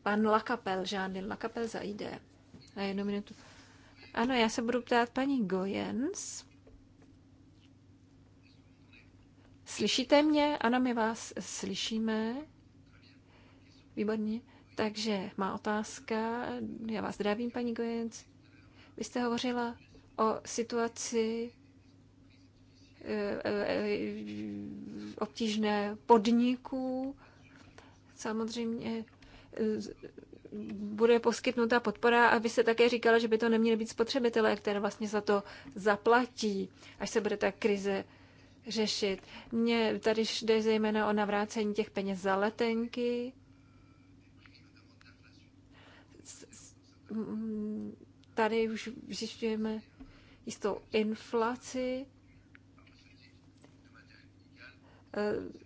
Pan Lakapel, žádný Lakapel za ID. Na jednu minutu. Ano, já se budu ptát paní Gojens. Slyšíte mě? Ano, my vás slyšíme. Výborně. Takže má otázka. Já vás zdravím, paní Gojens. Vy jste hovořila o situaci Eh, eh, obtížné podniků. Samozřejmě eh, bude poskytnuta podpora a vy se také říkala, že by to neměly být spotřebitelé, které vlastně za to zaplatí, až se bude ta krize řešit. Mně tady jde zejména o navrácení těch peněz za letenky. Tady už zjišťujeme jistou inflaci Eh,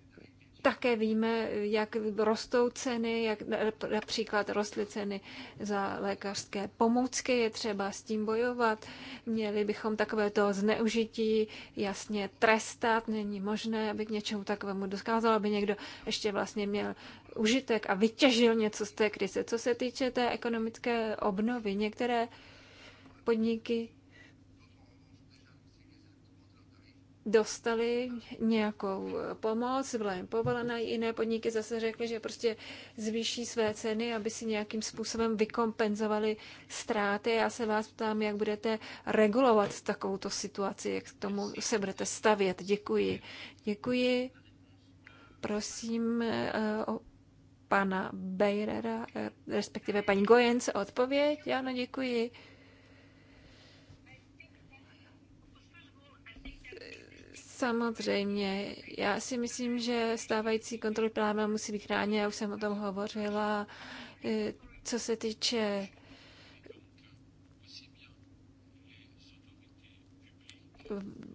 také víme, jak rostou ceny, jak například rostly ceny za lékařské pomůcky, je třeba s tím bojovat. Měli bychom takové to zneužití jasně trestat, není možné, aby k něčemu takovému dokázalo, aby někdo ještě vlastně měl užitek a vytěžil něco z té krize. Co se týče té ekonomické obnovy, některé podniky dostali nějakou pomoc, byla jim povolena, jiné podniky zase řekly, že prostě zvýší své ceny, aby si nějakým způsobem vykompenzovali ztráty. Já se vás ptám, jak budete regulovat takovouto situaci, jak k tomu se budete stavět. Děkuji. Děkuji. Prosím eh, o pana Bejrera, eh, respektive paní Gojence, odpověď. Ano, děkuji. Samozřejmě, já si myslím, že stávající kontroly práva musí být chráněny, já už jsem o tom hovořila. Eh, co se týče eh,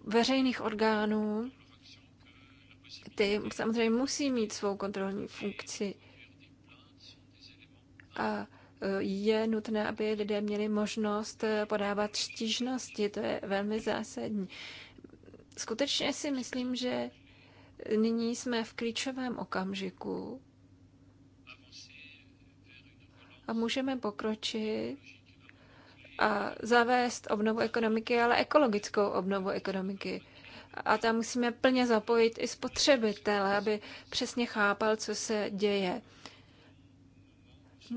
veřejných orgánů, ty samozřejmě musí mít svou kontrolní funkci. A eh, je nutné, aby lidé měli možnost podávat stížnosti, to je velmi zásadní skutečně si myslím, že nyní jsme v klíčovém okamžiku a můžeme pokročit a zavést obnovu ekonomiky, ale ekologickou obnovu ekonomiky. A tam musíme plně zapojit i spotřebitele, aby přesně chápal, co se děje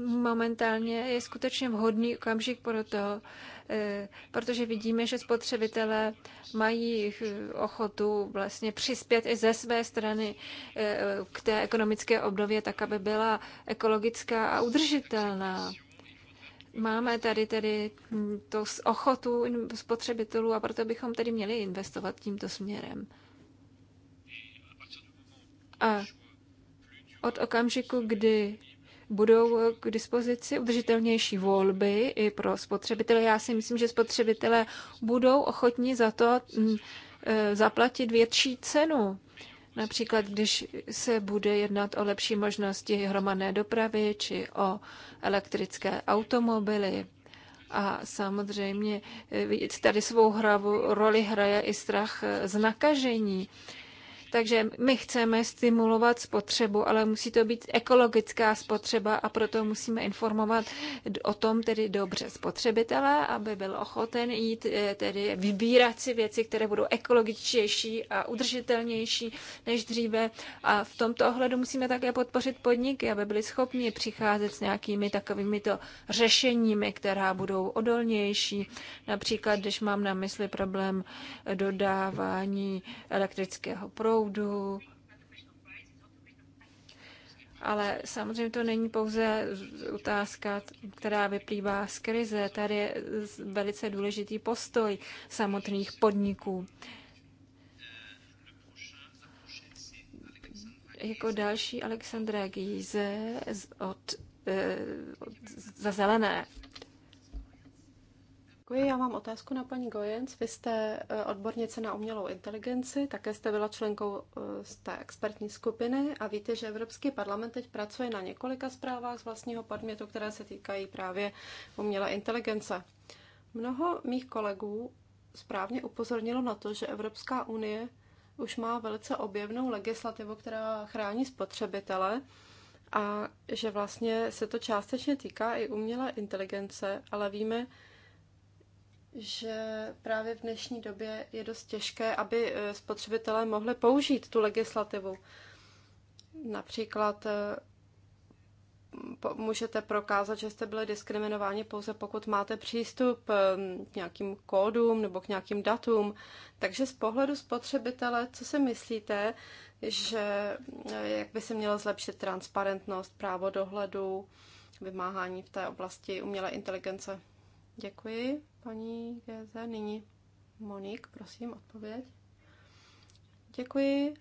momentálně je skutečně vhodný okamžik pro to, eh, protože vidíme, že spotřebitelé mají eh, ochotu vlastně přispět i ze své strany eh, k té ekonomické obnově, tak aby byla ekologická a udržitelná. Máme tady tedy hm, to ochotu spotřebitelů a proto bychom tedy měli investovat tímto směrem. A od okamžiku, kdy budou eh, k dispozici udržitelnější volby i pro spotřebitele. Já si myslím, že spotřebitelé budou ochotni za to mm, eh, zaplatit větší cenu. Například, když se bude jednat o lepší možnosti hromadné dopravy či o elektrické automobily. A samozřejmě eh, tady svou hravu, roli hraje i strach z nakažení. Takže my chceme stimulovat spotřebu, ale musí to být ekologická spotřeba a proto musíme informovat o tom tedy dobře spotřebitele, aby byl ochoten jít eh, tedy vybírat si věci, které budou ekologičtější a udržitelnější než dříve. A v tomto ohledu musíme také podpořit podniky, aby byli schopni přicházet s nějakými takovými to řešeními, která budou odolnější. Například, když mám na mysli problém dodávání elektrického proudu, soudu. Ale samozřejmě to není pouze otázka, která vyplývá z krize. Tady je velice důležitý postoj samotných podniků. Jako další Alexandra Gíze od, eh, od, za zelené. Děkuji. Já mám otázku na paní Gojenc. Vy jste e, odbornice na umělou inteligenci, také jste byla členkou e, z té expertní skupiny a víte, že Evropský parlament teď pracuje na několika zprávách z vlastního podmětu, které se týkají právě umělé inteligence. Mnoho mých kolegů správně upozornilo na to, že Evropská unie už má velice objevnou legislativu, která chrání spotřebitele a že vlastně se to částečně týká i umělé inteligence, ale víme, že právě v dnešní době je dost těžké, aby eh, spotřebitelé mohli použít tu legislativu. Například eh, můžete prokázat, že jste byli diskriminováni pouze pokud máte přístup eh, k nějakým kódům nebo k nějakým datům. Takže z pohledu spotřebitele, co si myslíte, že jak by se měla zlepšit transparentnost, právo dohledu, vymáhání v té oblasti umělé inteligence? Děkuji, paní Geze. Nyní Monik, prosím, odpověď. Děkuji.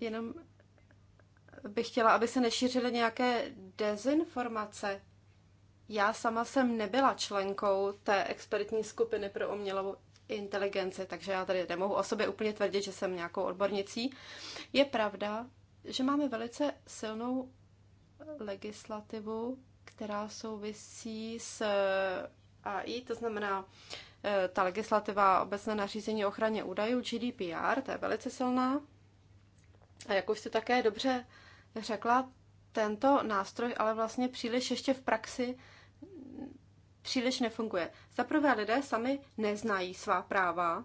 Jenom bych chtěla, aby se nešířily nějaké dezinformace. Já sama jsem nebyla členkou té expertní skupiny pro umělou inteligenci, takže já tady nemohu o sobě úplně tvrdit, že jsem nějakou odbornicí. Je pravda, že máme velice silnou legislativu, která souvisí s eh, AI, to znamená eh, ta legislativa obecné nařízení o ochraně údajů GDPR, to je velice silná. A jak už jste také dobře řekla, tento nástroj ale vlastně příliš ještě v praxi příliš nefunguje. Zaprvé lidé sami neznají svá práva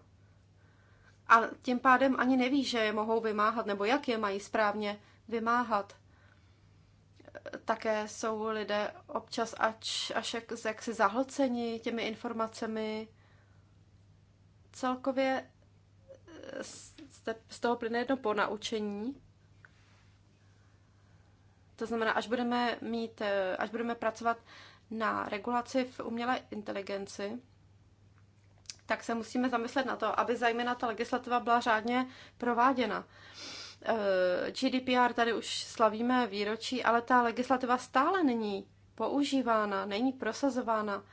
a tím pádem ani neví, že je mohou vymáhat nebo jak je mají správně vymáhat také jsou lidé občas ač, až jak, jaksi zahlceni těmi informacemi. Celkově eh, z toho plyne jedno ponaučení. To znamená, až budeme mít, eh, až budeme pracovat na regulaci v umělé inteligenci, tak se musíme zamyslet na to, aby zejména ta legislativa byla řádně prováděna. Eh, GDPR tady už slavíme výročí, ale ta legislativa stále není používána, není prosazována.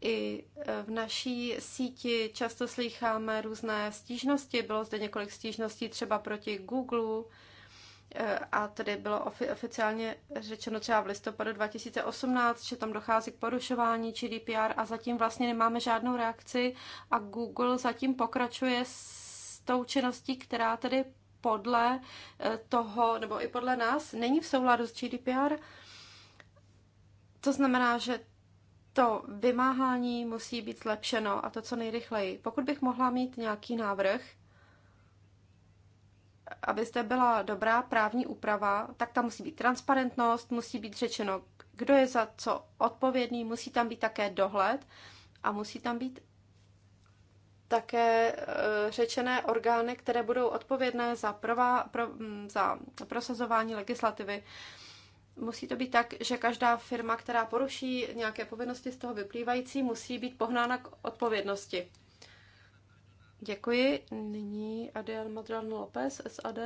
I eh, v naší síti často slycháme různé stížnosti. Bylo zde několik stížností třeba proti Google, eh, a tedy bylo oficiálně řečeno třeba v listopadu 2018, že tam dochází k porušování GDPR a zatím vlastně nemáme žádnou reakci a Google zatím pokračuje s tou činností, která tedy podle eh, toho, nebo i podle nás, není v souladu s GDPR. To znamená, že to vymáhání musí být zlepšeno a to co nejrychleji. Pokud bych mohla mít nějaký návrh, abyste byla dobrá právní úprava, tak tam musí být transparentnost, musí být řečeno, kdo je za co odpovědný, musí tam být také dohled a musí tam být také eh, řečené orgány, které budou odpovědné za, prová, pro, mm, za prosazování legislativy. Musí to být tak, že každá firma, která poruší nějaké povinnosti z toho vyplývající, musí být pohnána k odpovědnosti. Děkuji. Nyní Adel Madran López, SAD.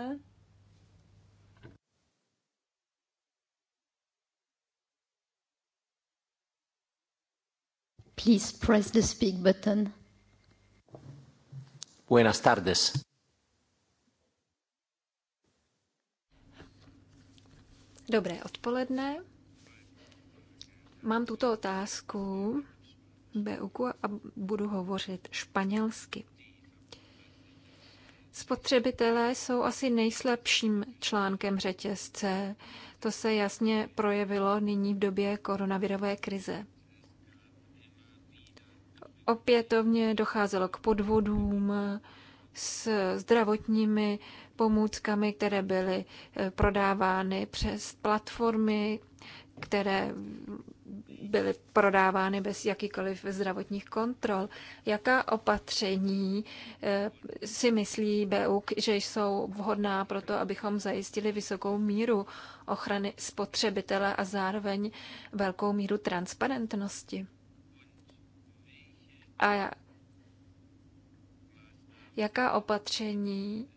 Please press the speak button. Buenas tardes. Dobré odpoledne. Mám tuto otázku Beuku a budu hovořit španělsky. Spotřebitelé jsou asi nejslabším článkem řetězce. To se jasně projevilo nyní v době koronavirové krize opětovně docházelo k podvodům s zdravotními pomůckami, které byly eh, prodávány přes platformy, které byly prodávány bez jakýkoliv zdravotních kontrol. Jaká opatření eh, si myslí BEUK, že jsou vhodná pro to, abychom zajistili vysokou míru ochrany spotřebitele a zároveň velkou míru transparentnosti? A jaká opatření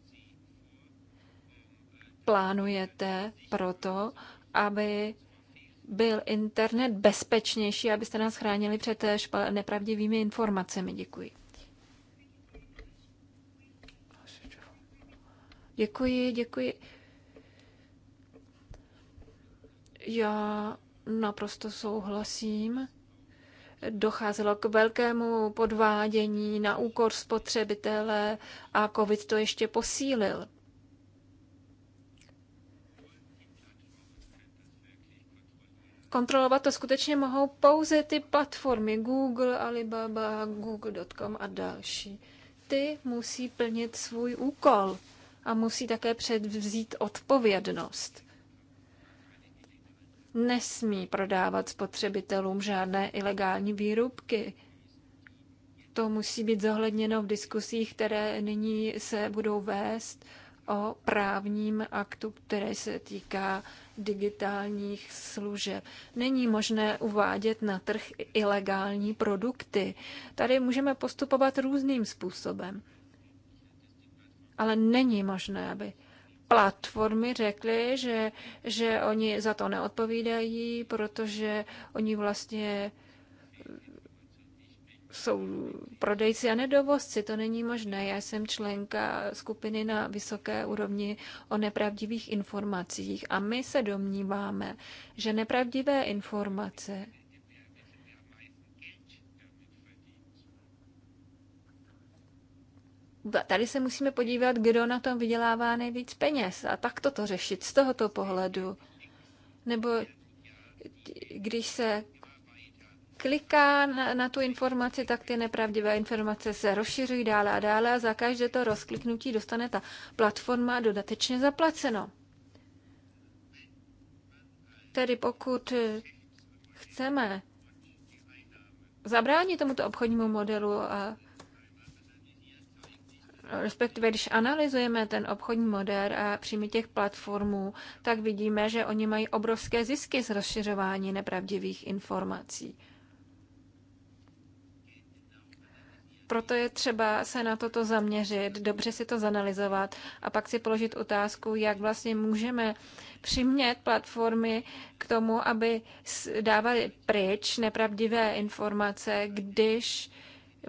plánujete pro to, aby byl internet bezpečnější, abyste nás chránili před nepravdivými informacemi. Děkuji. Děkuji, děkuji. Já naprosto souhlasím docházelo k velkému podvádění na úkor spotřebitele a COVID to ještě posílil. Kontrolovat to skutečně mohou pouze ty platformy Google, Alibaba, Google.com a další. Ty musí plnit svůj úkol a musí také předvzít odpovědnost nesmí prodávat spotřebitelům žádné ilegální výrobky. To musí být zohledněno v diskusích, které nyní se budou vést o právním aktu, které se týká digitálních služeb. Není možné uvádět na trh ilegální produkty. Tady můžeme postupovat různým způsobem. Ale není možné, aby platformy řekly, že, že oni za to neodpovídají, protože oni vlastně jsou prodejci a nedovozci, to není možné. Já jsem členka skupiny na vysoké úrovni o nepravdivých informacích a my se domníváme, že nepravdivé informace tady se musíme podívat, kdo na tom vydělává nejvíc peněz a tak toto řešit z tohoto pohledu. Nebo když se kliká na, na tu informaci, tak ty nepravdivé informace se rozšiřují dále a dále a za každé to rozkliknutí dostane ta platforma dodatečně zaplaceno. Tedy pokud eh, chceme zabránit tomuto obchodnímu modelu a respektive když analyzujeme ten obchodní model a příjmy těch platformů, tak vidíme, že oni mají obrovské zisky z rozšiřování nepravdivých informací. Proto je třeba se na toto zaměřit, dobře si to zanalizovat a pak si položit otázku, jak vlastně můžeme přimět platformy k tomu, aby dávaly pryč nepravdivé informace, když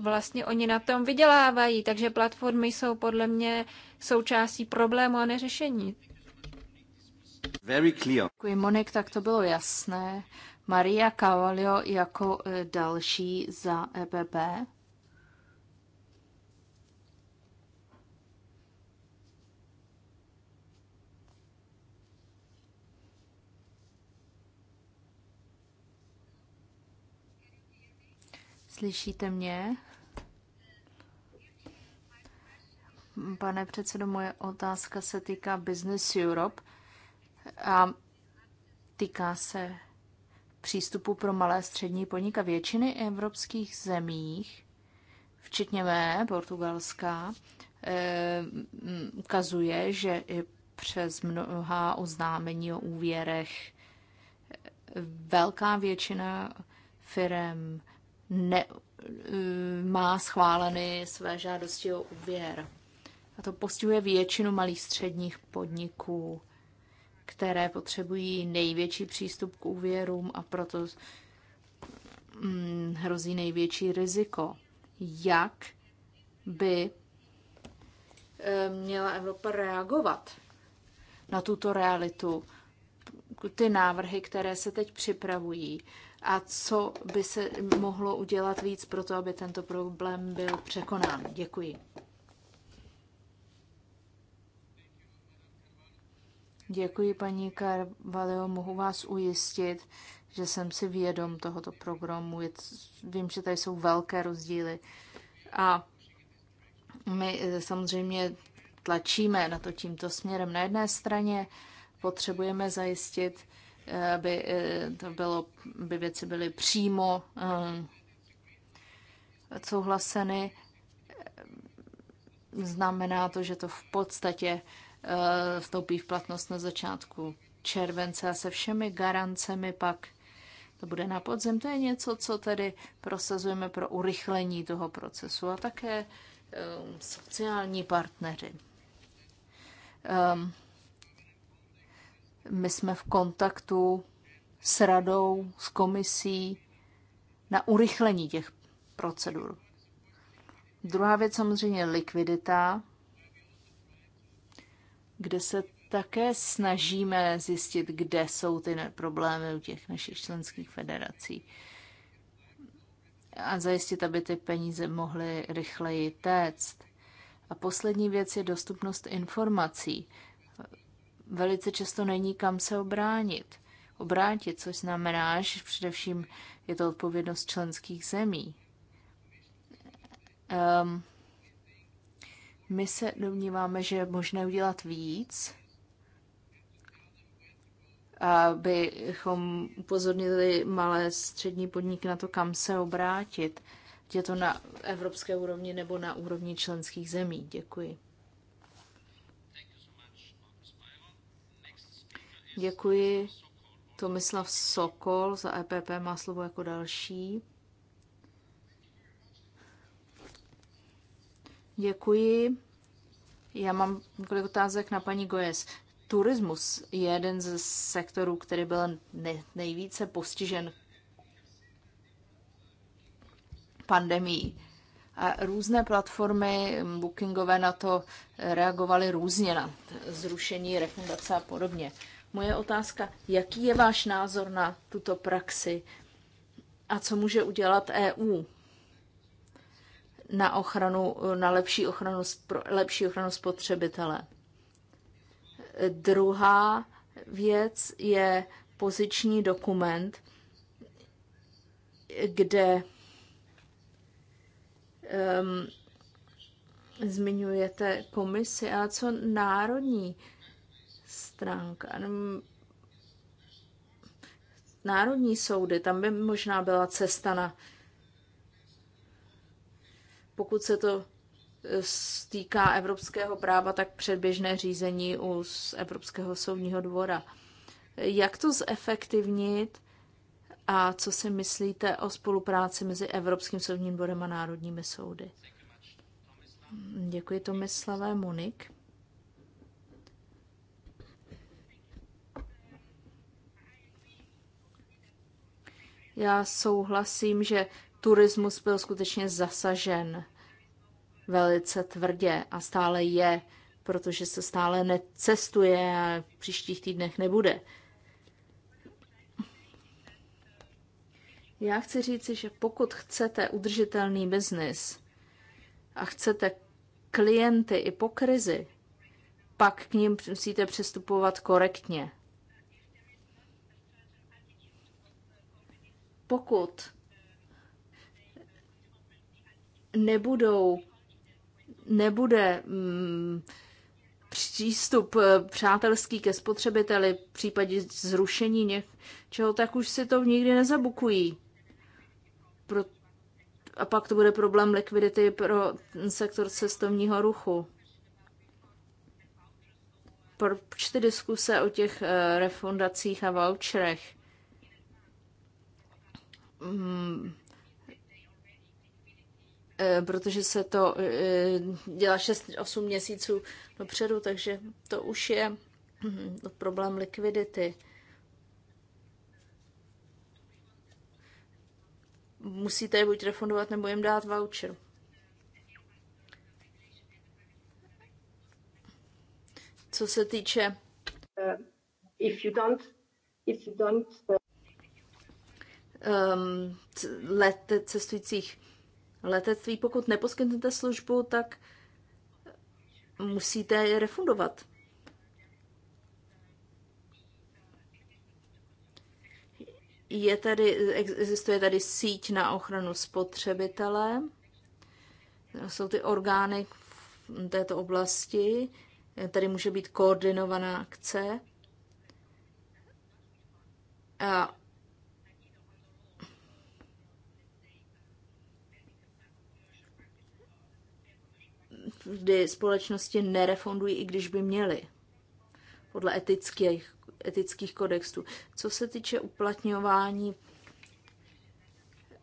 vlastně oni na tom vydělávají, takže platformy jsou podle mě součástí problému a neřešení. Very clear. Děkuji, Monik, tak to bylo jasné. Maria Cavalio jako e, další za EBB. Slyšíte mě? Pane předsedo, moje otázka se týká Business Europe a týká se přístupu pro malé střední podniky. Většiny evropských zemích, včetně mé, Portugalská, eh, ukazuje, že i přes mnoha oznámení o úvěrech velká většina firm ne, eh, má schváleny své žádosti o úvěr. A to postihuje většinu malých středních podniků, které potřebují největší přístup k úvěrům a proto hmm, hrozí největší riziko. Jak by eh, měla Evropa reagovat na tuto realitu, ty návrhy, které se teď připravují a co by se mohlo udělat víc pro to, aby tento problém byl překonán. Děkuji. Děkuji, paní Carvalho. Mohu vás ujistit, že jsem si vědom tohoto programu. Vím, že tady jsou velké rozdíly. A my e, samozřejmě tlačíme na to tímto směrem. Na jedné straně potřebujeme zajistit, e, aby, e, to bylo, aby věci byly přímo souhlaseny. Znamená to, že to v podstatě Eh, vstoupí v platnost na začátku července a se všemi garancemi pak to bude na podzim. To je něco, co tedy prosazujeme pro urychlení toho procesu a také eh, sociální partneři. Ehm, my jsme v kontaktu s radou, s komisí na urychlení těch procedur. Druhá věc samozřejmě likvidita kde se také snažíme zjistit, kde jsou ty problémy u těch našich členských federací a zajistit, aby ty peníze mohly rychleji téct. A poslední věc je dostupnost informací. Velice často není kam se obránit. Obrátit, což znamená, že především je to odpovědnost členských zemí. Um, my se domníváme, že je možné udělat víc, abychom upozornili malé střední podniky na to, kam se obrátit. Je to na evropské úrovni nebo na úrovni členských zemí. Děkuji. Děkuji. Tomislav Sokol za EPP má slovo jako další. Děkuji. Já mám několik otázek na paní Gojes. Turismus je jeden ze sektorů, který byl nejvíce postižen pandemí. A různé platformy bookingové na to reagovaly různě na zrušení, refundace a podobně. Moje otázka, jaký je váš názor na tuto praxi a co může udělat EU na ochranu, na lepší ochranu, lepší ochranu spotřebitele. Druhá věc je poziční dokument, kde um, zmiňujete komisi, a co národní stránka? Ehm, národní soudy, tam by možná byla cesta na pokud se to e, týká evropského práva, tak předběžné řízení u Evropského soudního dvora. Jak to zefektivnit a co si myslíte o spolupráci mezi Evropským soudním dvorem a národními soudy? Děkuji Tomislavé Monik. Já souhlasím, že turismus byl skutečně zasažen velice tvrdě a stále je, protože se stále necestuje a v příštích týdnech nebude. Já chci říci, že pokud chcete udržitelný biznis a chcete klienty i po krizi, pak k ním musíte přistupovat korektně. Pokud nebudou, nebude mm, přístup eh, přátelský ke spotřebiteli v případě zrušení něčeho, tak už si to nikdy nezabukují. Pro, a pak to bude problém likvidity pro sektor cestovního ruchu. Proč ty diskuse o těch eh, refundacích a voucherech? Mm, Eh, protože se to eh, dělá 6-8 měsíců dopředu, takže to už je hm, problém likvidity. Musíte je buď refundovat, nebo jim dát voucher. Co se týče... Eh, if you don't, if you don't, um, let cestujících letectví. Pokud neposkytnete službu, tak musíte je refundovat. Je tady, existuje tady síť na ochranu spotřebitele. Jsou ty orgány v této oblasti. Tady může být koordinovaná akce. A kdy společnosti nerefundují, i když by měly, podle etických, etických kodextů. Co se týče uplatňování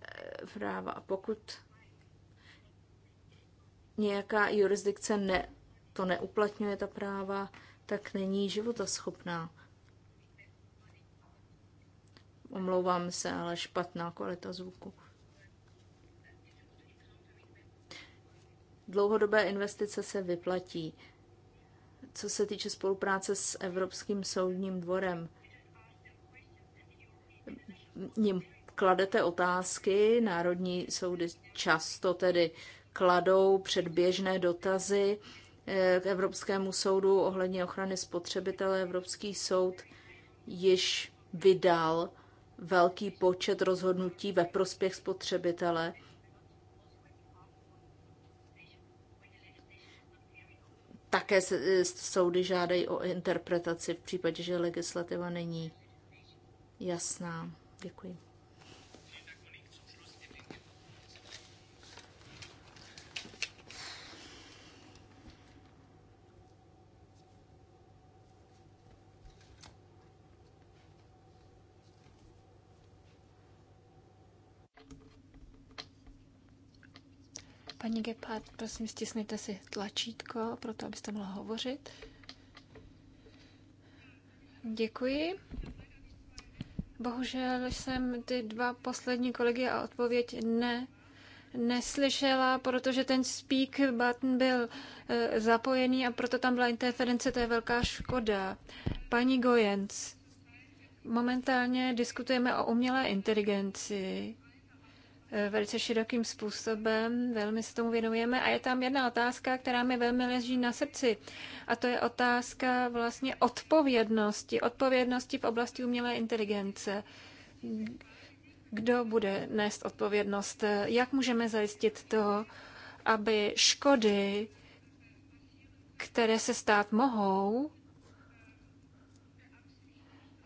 eh, práva, pokud nějaká jurisdikce ne, to neuplatňuje ta práva, tak není životaschopná. Omlouvám se, ale špatná kvalita zvuku. dlouhodobé investice se vyplatí. Co se týče spolupráce s Evropským soudním dvorem, ním kladete otázky, národní soudy často tedy kladou předběžné dotazy eh, k Evropskému soudu ohledně ochrany spotřebitele. Evropský soud již vydal velký počet rozhodnutí ve prospěch spotřebitele také e, soudy žádají o interpretaci v případě, že legislativa není jasná. Děkuji. Paní Gephardt, prosím, stisněte si tlačítko, proto abyste mohla hovořit. Děkuji. Bohužel jsem ty dva poslední kolegy a odpověď ne neslyšela, protože ten speak button byl e, zapojený a proto tam byla interference, to je velká škoda. Paní Gojenc, momentálně diskutujeme o umělé inteligenci Eh, velice širokým způsobem, velmi se tomu věnujeme a je tam jedna otázka, která mi velmi leží na srdci a to je otázka vlastně odpovědnosti, odpovědnosti v oblasti umělé inteligence. Kdo bude nést odpovědnost? Jak můžeme zajistit to, aby škody, které se stát mohou,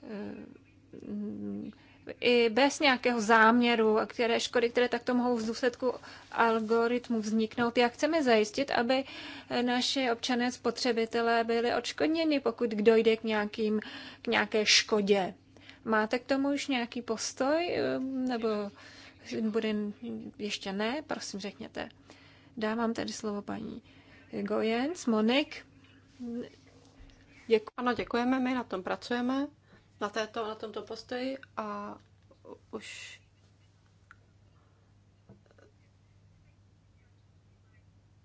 eh, i bez nějakého záměru a které škody, které takto mohou v důsledku algoritmu vzniknout. Jak chceme zajistit, aby naše občané spotřebitelé byli odškodněni, pokud dojde k, nějakým, k nějaké škodě? Máte k tomu už nějaký postoj? Nebo bude ještě ne? Prosím, řekněte. Dávám tedy slovo paní Gojens, Monik. Děku- ano, děkujeme, my na tom pracujeme na, této, na tomto postoji a už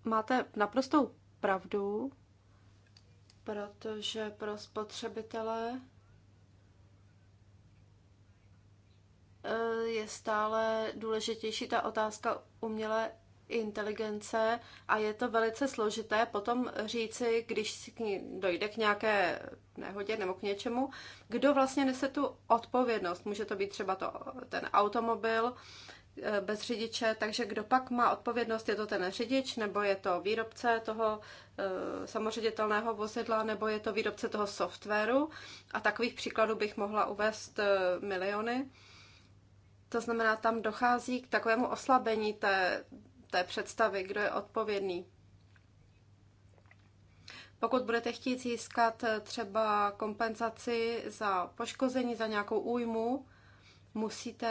máte naprostou pravdu, protože pro spotřebitele eh, je stále důležitější ta otázka umělé inteligence a je to velice složité potom říci, když dojde k nějaké nehodě nebo k něčemu, kdo vlastně nese tu odpovědnost. Může to být třeba to, ten automobil eh, bez řidiče, takže kdo pak má odpovědnost, je to ten řidič, nebo je to výrobce toho eh, samoředitelného vozidla, nebo je to výrobce toho softwaru. A takových příkladů bych mohla uvést eh, miliony. To znamená, tam dochází k takovému oslabení té té představy, kdo je odpovědný. Pokud budete chtít získat eh, třeba kompenzaci za poškození, za nějakou újmu, musíte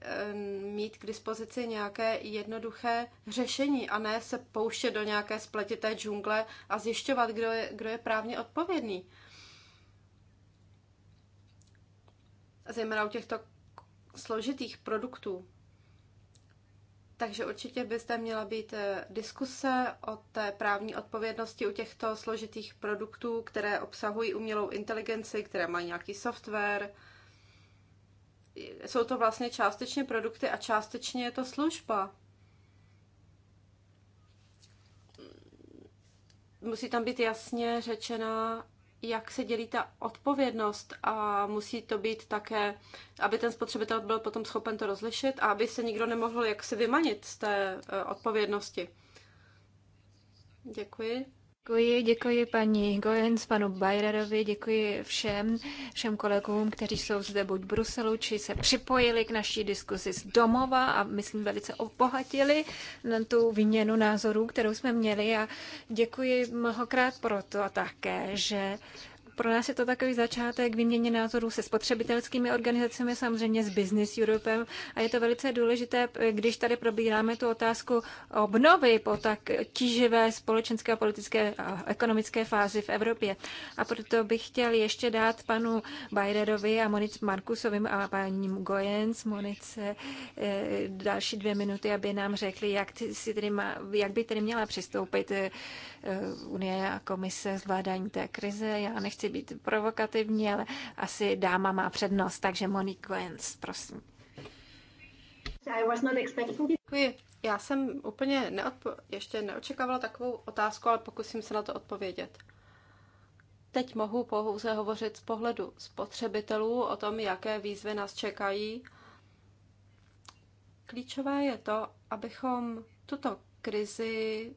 eh, mít k dispozici nějaké jednoduché řešení a ne se pouštět do nějaké spletité džungle a zjišťovat, kdo je, kdo je právně odpovědný. Zejména u těchto složitých produktů. Takže určitě byste měla být eh, diskuse o té právní odpovědnosti u těchto složitých produktů, které obsahují umělou inteligenci, které mají nějaký software. Jsou to vlastně částečně produkty a částečně je to služba. Musí tam být jasně řečena jak se dělí ta odpovědnost a musí to být také, aby ten spotřebitel byl potom schopen to rozlišit a aby se nikdo nemohl jak se vymanit z té eh, odpovědnosti. Děkuji. Děkuji, děkuji paní Goenz, panu Bajrerovi, děkuji všem, všem kolegům, kteří jsou zde buď v Bruselu, či se připojili k naší diskusi z domova a myslím velice obohatili na tu výměnu názorů, kterou jsme měli a děkuji mnohokrát proto také, že pro nás je to takový začátek výměně názorů se spotřebitelskými organizacemi, samozřejmě s Business Europem a je to velice důležité, když tady probíráme tu otázku obnovy po tak tíživé společenské politické a ekonomické fázi v Evropě. A proto bych chtěl ještě dát panu Bajrerovi a Monic Markusovým a paní Gojens Monice, eh, další dvě minuty, aby nám řekli, jak, si tedy má, jak by tedy měla přistoupit eh, Unie a komise zvládání té krize. Já nechci nechci být provokativní, ale asi dáma má přednost, takže Monique Goenz, prosím. Děkuji. Já jsem úplně neodpo- ještě neočekávala takovou otázku, ale pokusím se na to odpovědět. Teď mohu pouze hovořit z pohledu spotřebitelů o tom, jaké výzvy nás čekají. Klíčové je to, abychom tuto krizi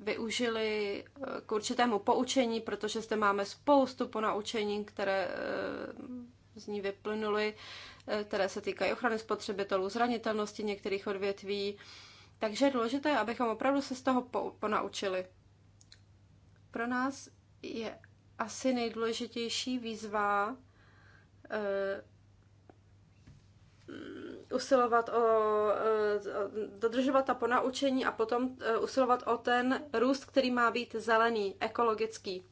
využili eh, k určitému poučení, protože zde máme spoustu ponaučení, které eh, z ní vyplynuly, eh, které se týkají ochrany spotřebitelů, zranitelnosti některých odvětví. Takže je důležité, abychom opravdu se z toho ponaučili. Pro nás je asi nejdůležitější výzva usilovat o, eh, dodržovat ta ponaučení a potom eh, usilovat o ten růst, který má být zelený, ekologický.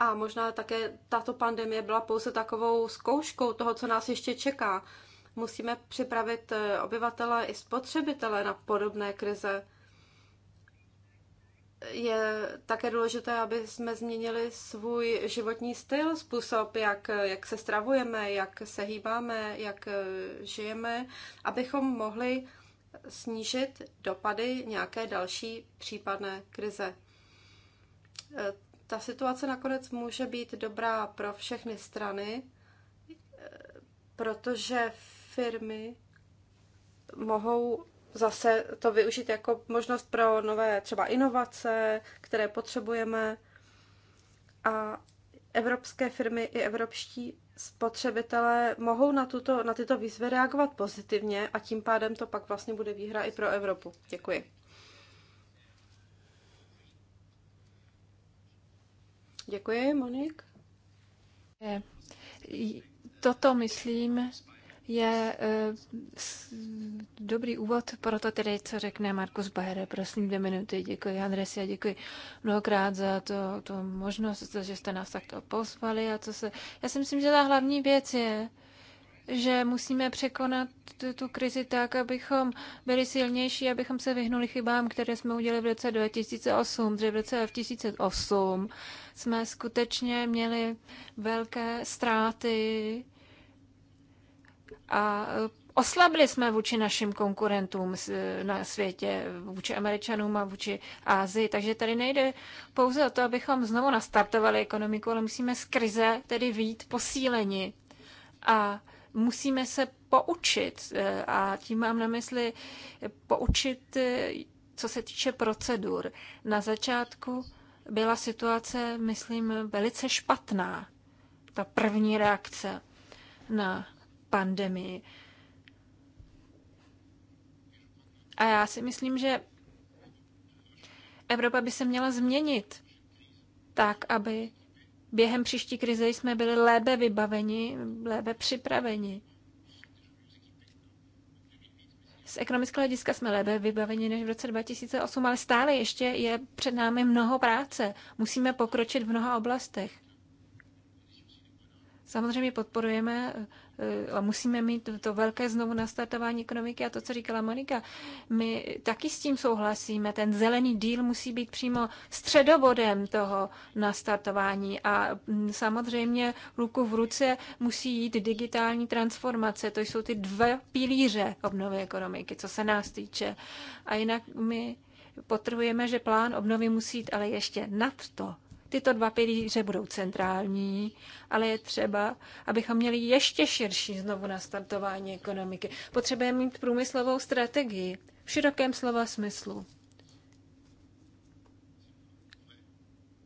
A možná také tato pandemie byla pouze takovou zkouškou toho, co nás ještě čeká. Musíme připravit eh, obyvatele i spotřebitele na podobné krize je také důležité, aby jsme změnili svůj životní styl, způsob, jak, jak se stravujeme, jak se hýbáme, jak eh, žijeme, abychom mohli snížit dopady nějaké další případné krize. Eh, ta situace nakonec může být dobrá pro všechny strany, eh, protože firmy mohou zase to využít jako možnost pro nové třeba inovace, které potřebujeme. A evropské firmy i evropští spotřebitelé mohou na, tuto, na tyto výzvy reagovat pozitivně a tím pádem to pak vlastně bude výhra i pro Evropu. Děkuji. Děkuji, Monik. Toto, myslím, je eh, dobrý úvod pro to tedy, co řekne Markus Bajere. Prosím, dvě minuty. Děkuji, Andresi, a děkuji mnohokrát za to, tu možnost, že jste nás takto pozvali. A co se... Já si myslím, že ta hlavní věc je, že musíme překonat tu, tu krizi tak, abychom byli silnější, abychom se vyhnuli chybám, které jsme udělali v roce 2008. Protože v roce 2008 jsme skutečně měli velké ztráty a eh, oslabili jsme vůči našim konkurentům eh, na světě, vůči Američanům a vůči Ázii. Takže tady nejde pouze o to, abychom znovu nastartovali ekonomiku, ale musíme z krize tedy vít posíleni. A musíme se poučit, eh, a tím mám na mysli poučit, co se týče procedur. Na začátku byla situace, myslím, velice špatná, ta první reakce na pandemii. A já si myslím, že Evropa by se měla změnit tak, aby během příští krize jsme byli lépe vybaveni, lépe připraveni. Z ekonomického hlediska jsme lépe vybaveni než v roce 2008, ale stále ještě je před námi mnoho práce. Musíme pokročit v mnoha oblastech. Samozřejmě podporujeme Eh, a musíme mít to, velké znovu nastartování ekonomiky a to, co říkala Monika, my taky s tím souhlasíme. Ten zelený díl musí být přímo středobodem toho nastartování a mm, samozřejmě ruku v ruce musí jít digitální transformace. To jsou ty dva pilíře obnovy ekonomiky, co se nás týče. A jinak my potrhujeme, že plán obnovy musí jít ale ještě nad to Tyto dva pilíře budou centrální, ale je třeba, abychom měli ještě širší znovu nastartování ekonomiky. Potřebujeme mít průmyslovou strategii v širokém slova smyslu.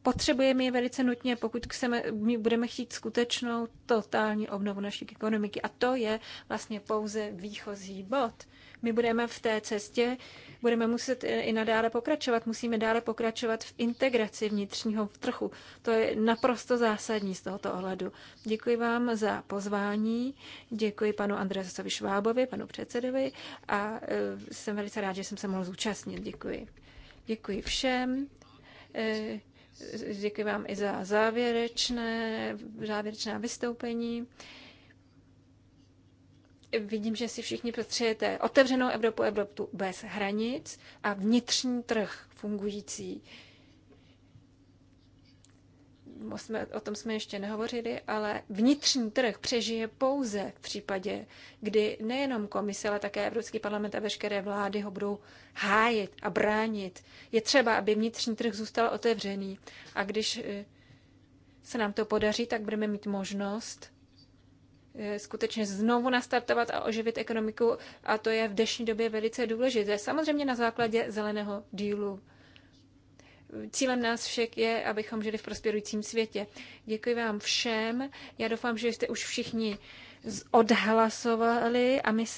Potřebujeme je velice nutně, pokud chceme, my budeme chtít skutečnou totální obnovu naší ekonomiky. A to je vlastně pouze výchozí bod. My budeme v té cestě, budeme muset eh, i nadále pokračovat. Musíme dále pokračovat v integraci vnitřního trhu. To je naprosto zásadní z tohoto ohledu. Děkuji vám za pozvání, děkuji panu Andreasovi Švábovi, panu předsedovi a eh, jsem velice rád, že jsem se mohl zúčastnit. Děkuji. Děkuji všem. Eh, děkuji vám i za závěrečné, závěrečná vystoupení vidím, že si všichni potřebujete otevřenou Evropu, Evropu bez hranic a vnitřní trh fungující. O tom jsme ještě nehovořili, ale vnitřní trh přežije pouze v případě, kdy nejenom komise, ale také Evropský parlament a veškeré vlády ho budou hájit a bránit. Je třeba, aby vnitřní trh zůstal otevřený. A když eh, se nám to podaří, tak budeme mít možnost Eh, skutečně znovu nastartovat a oživit ekonomiku a to je v dnešní době velice důležité. Samozřejmě na základě zeleného dílu. Cílem nás všech je, abychom žili v prosperujícím světě. Děkuji vám všem. Já doufám, že jste už všichni odhlasovali a my se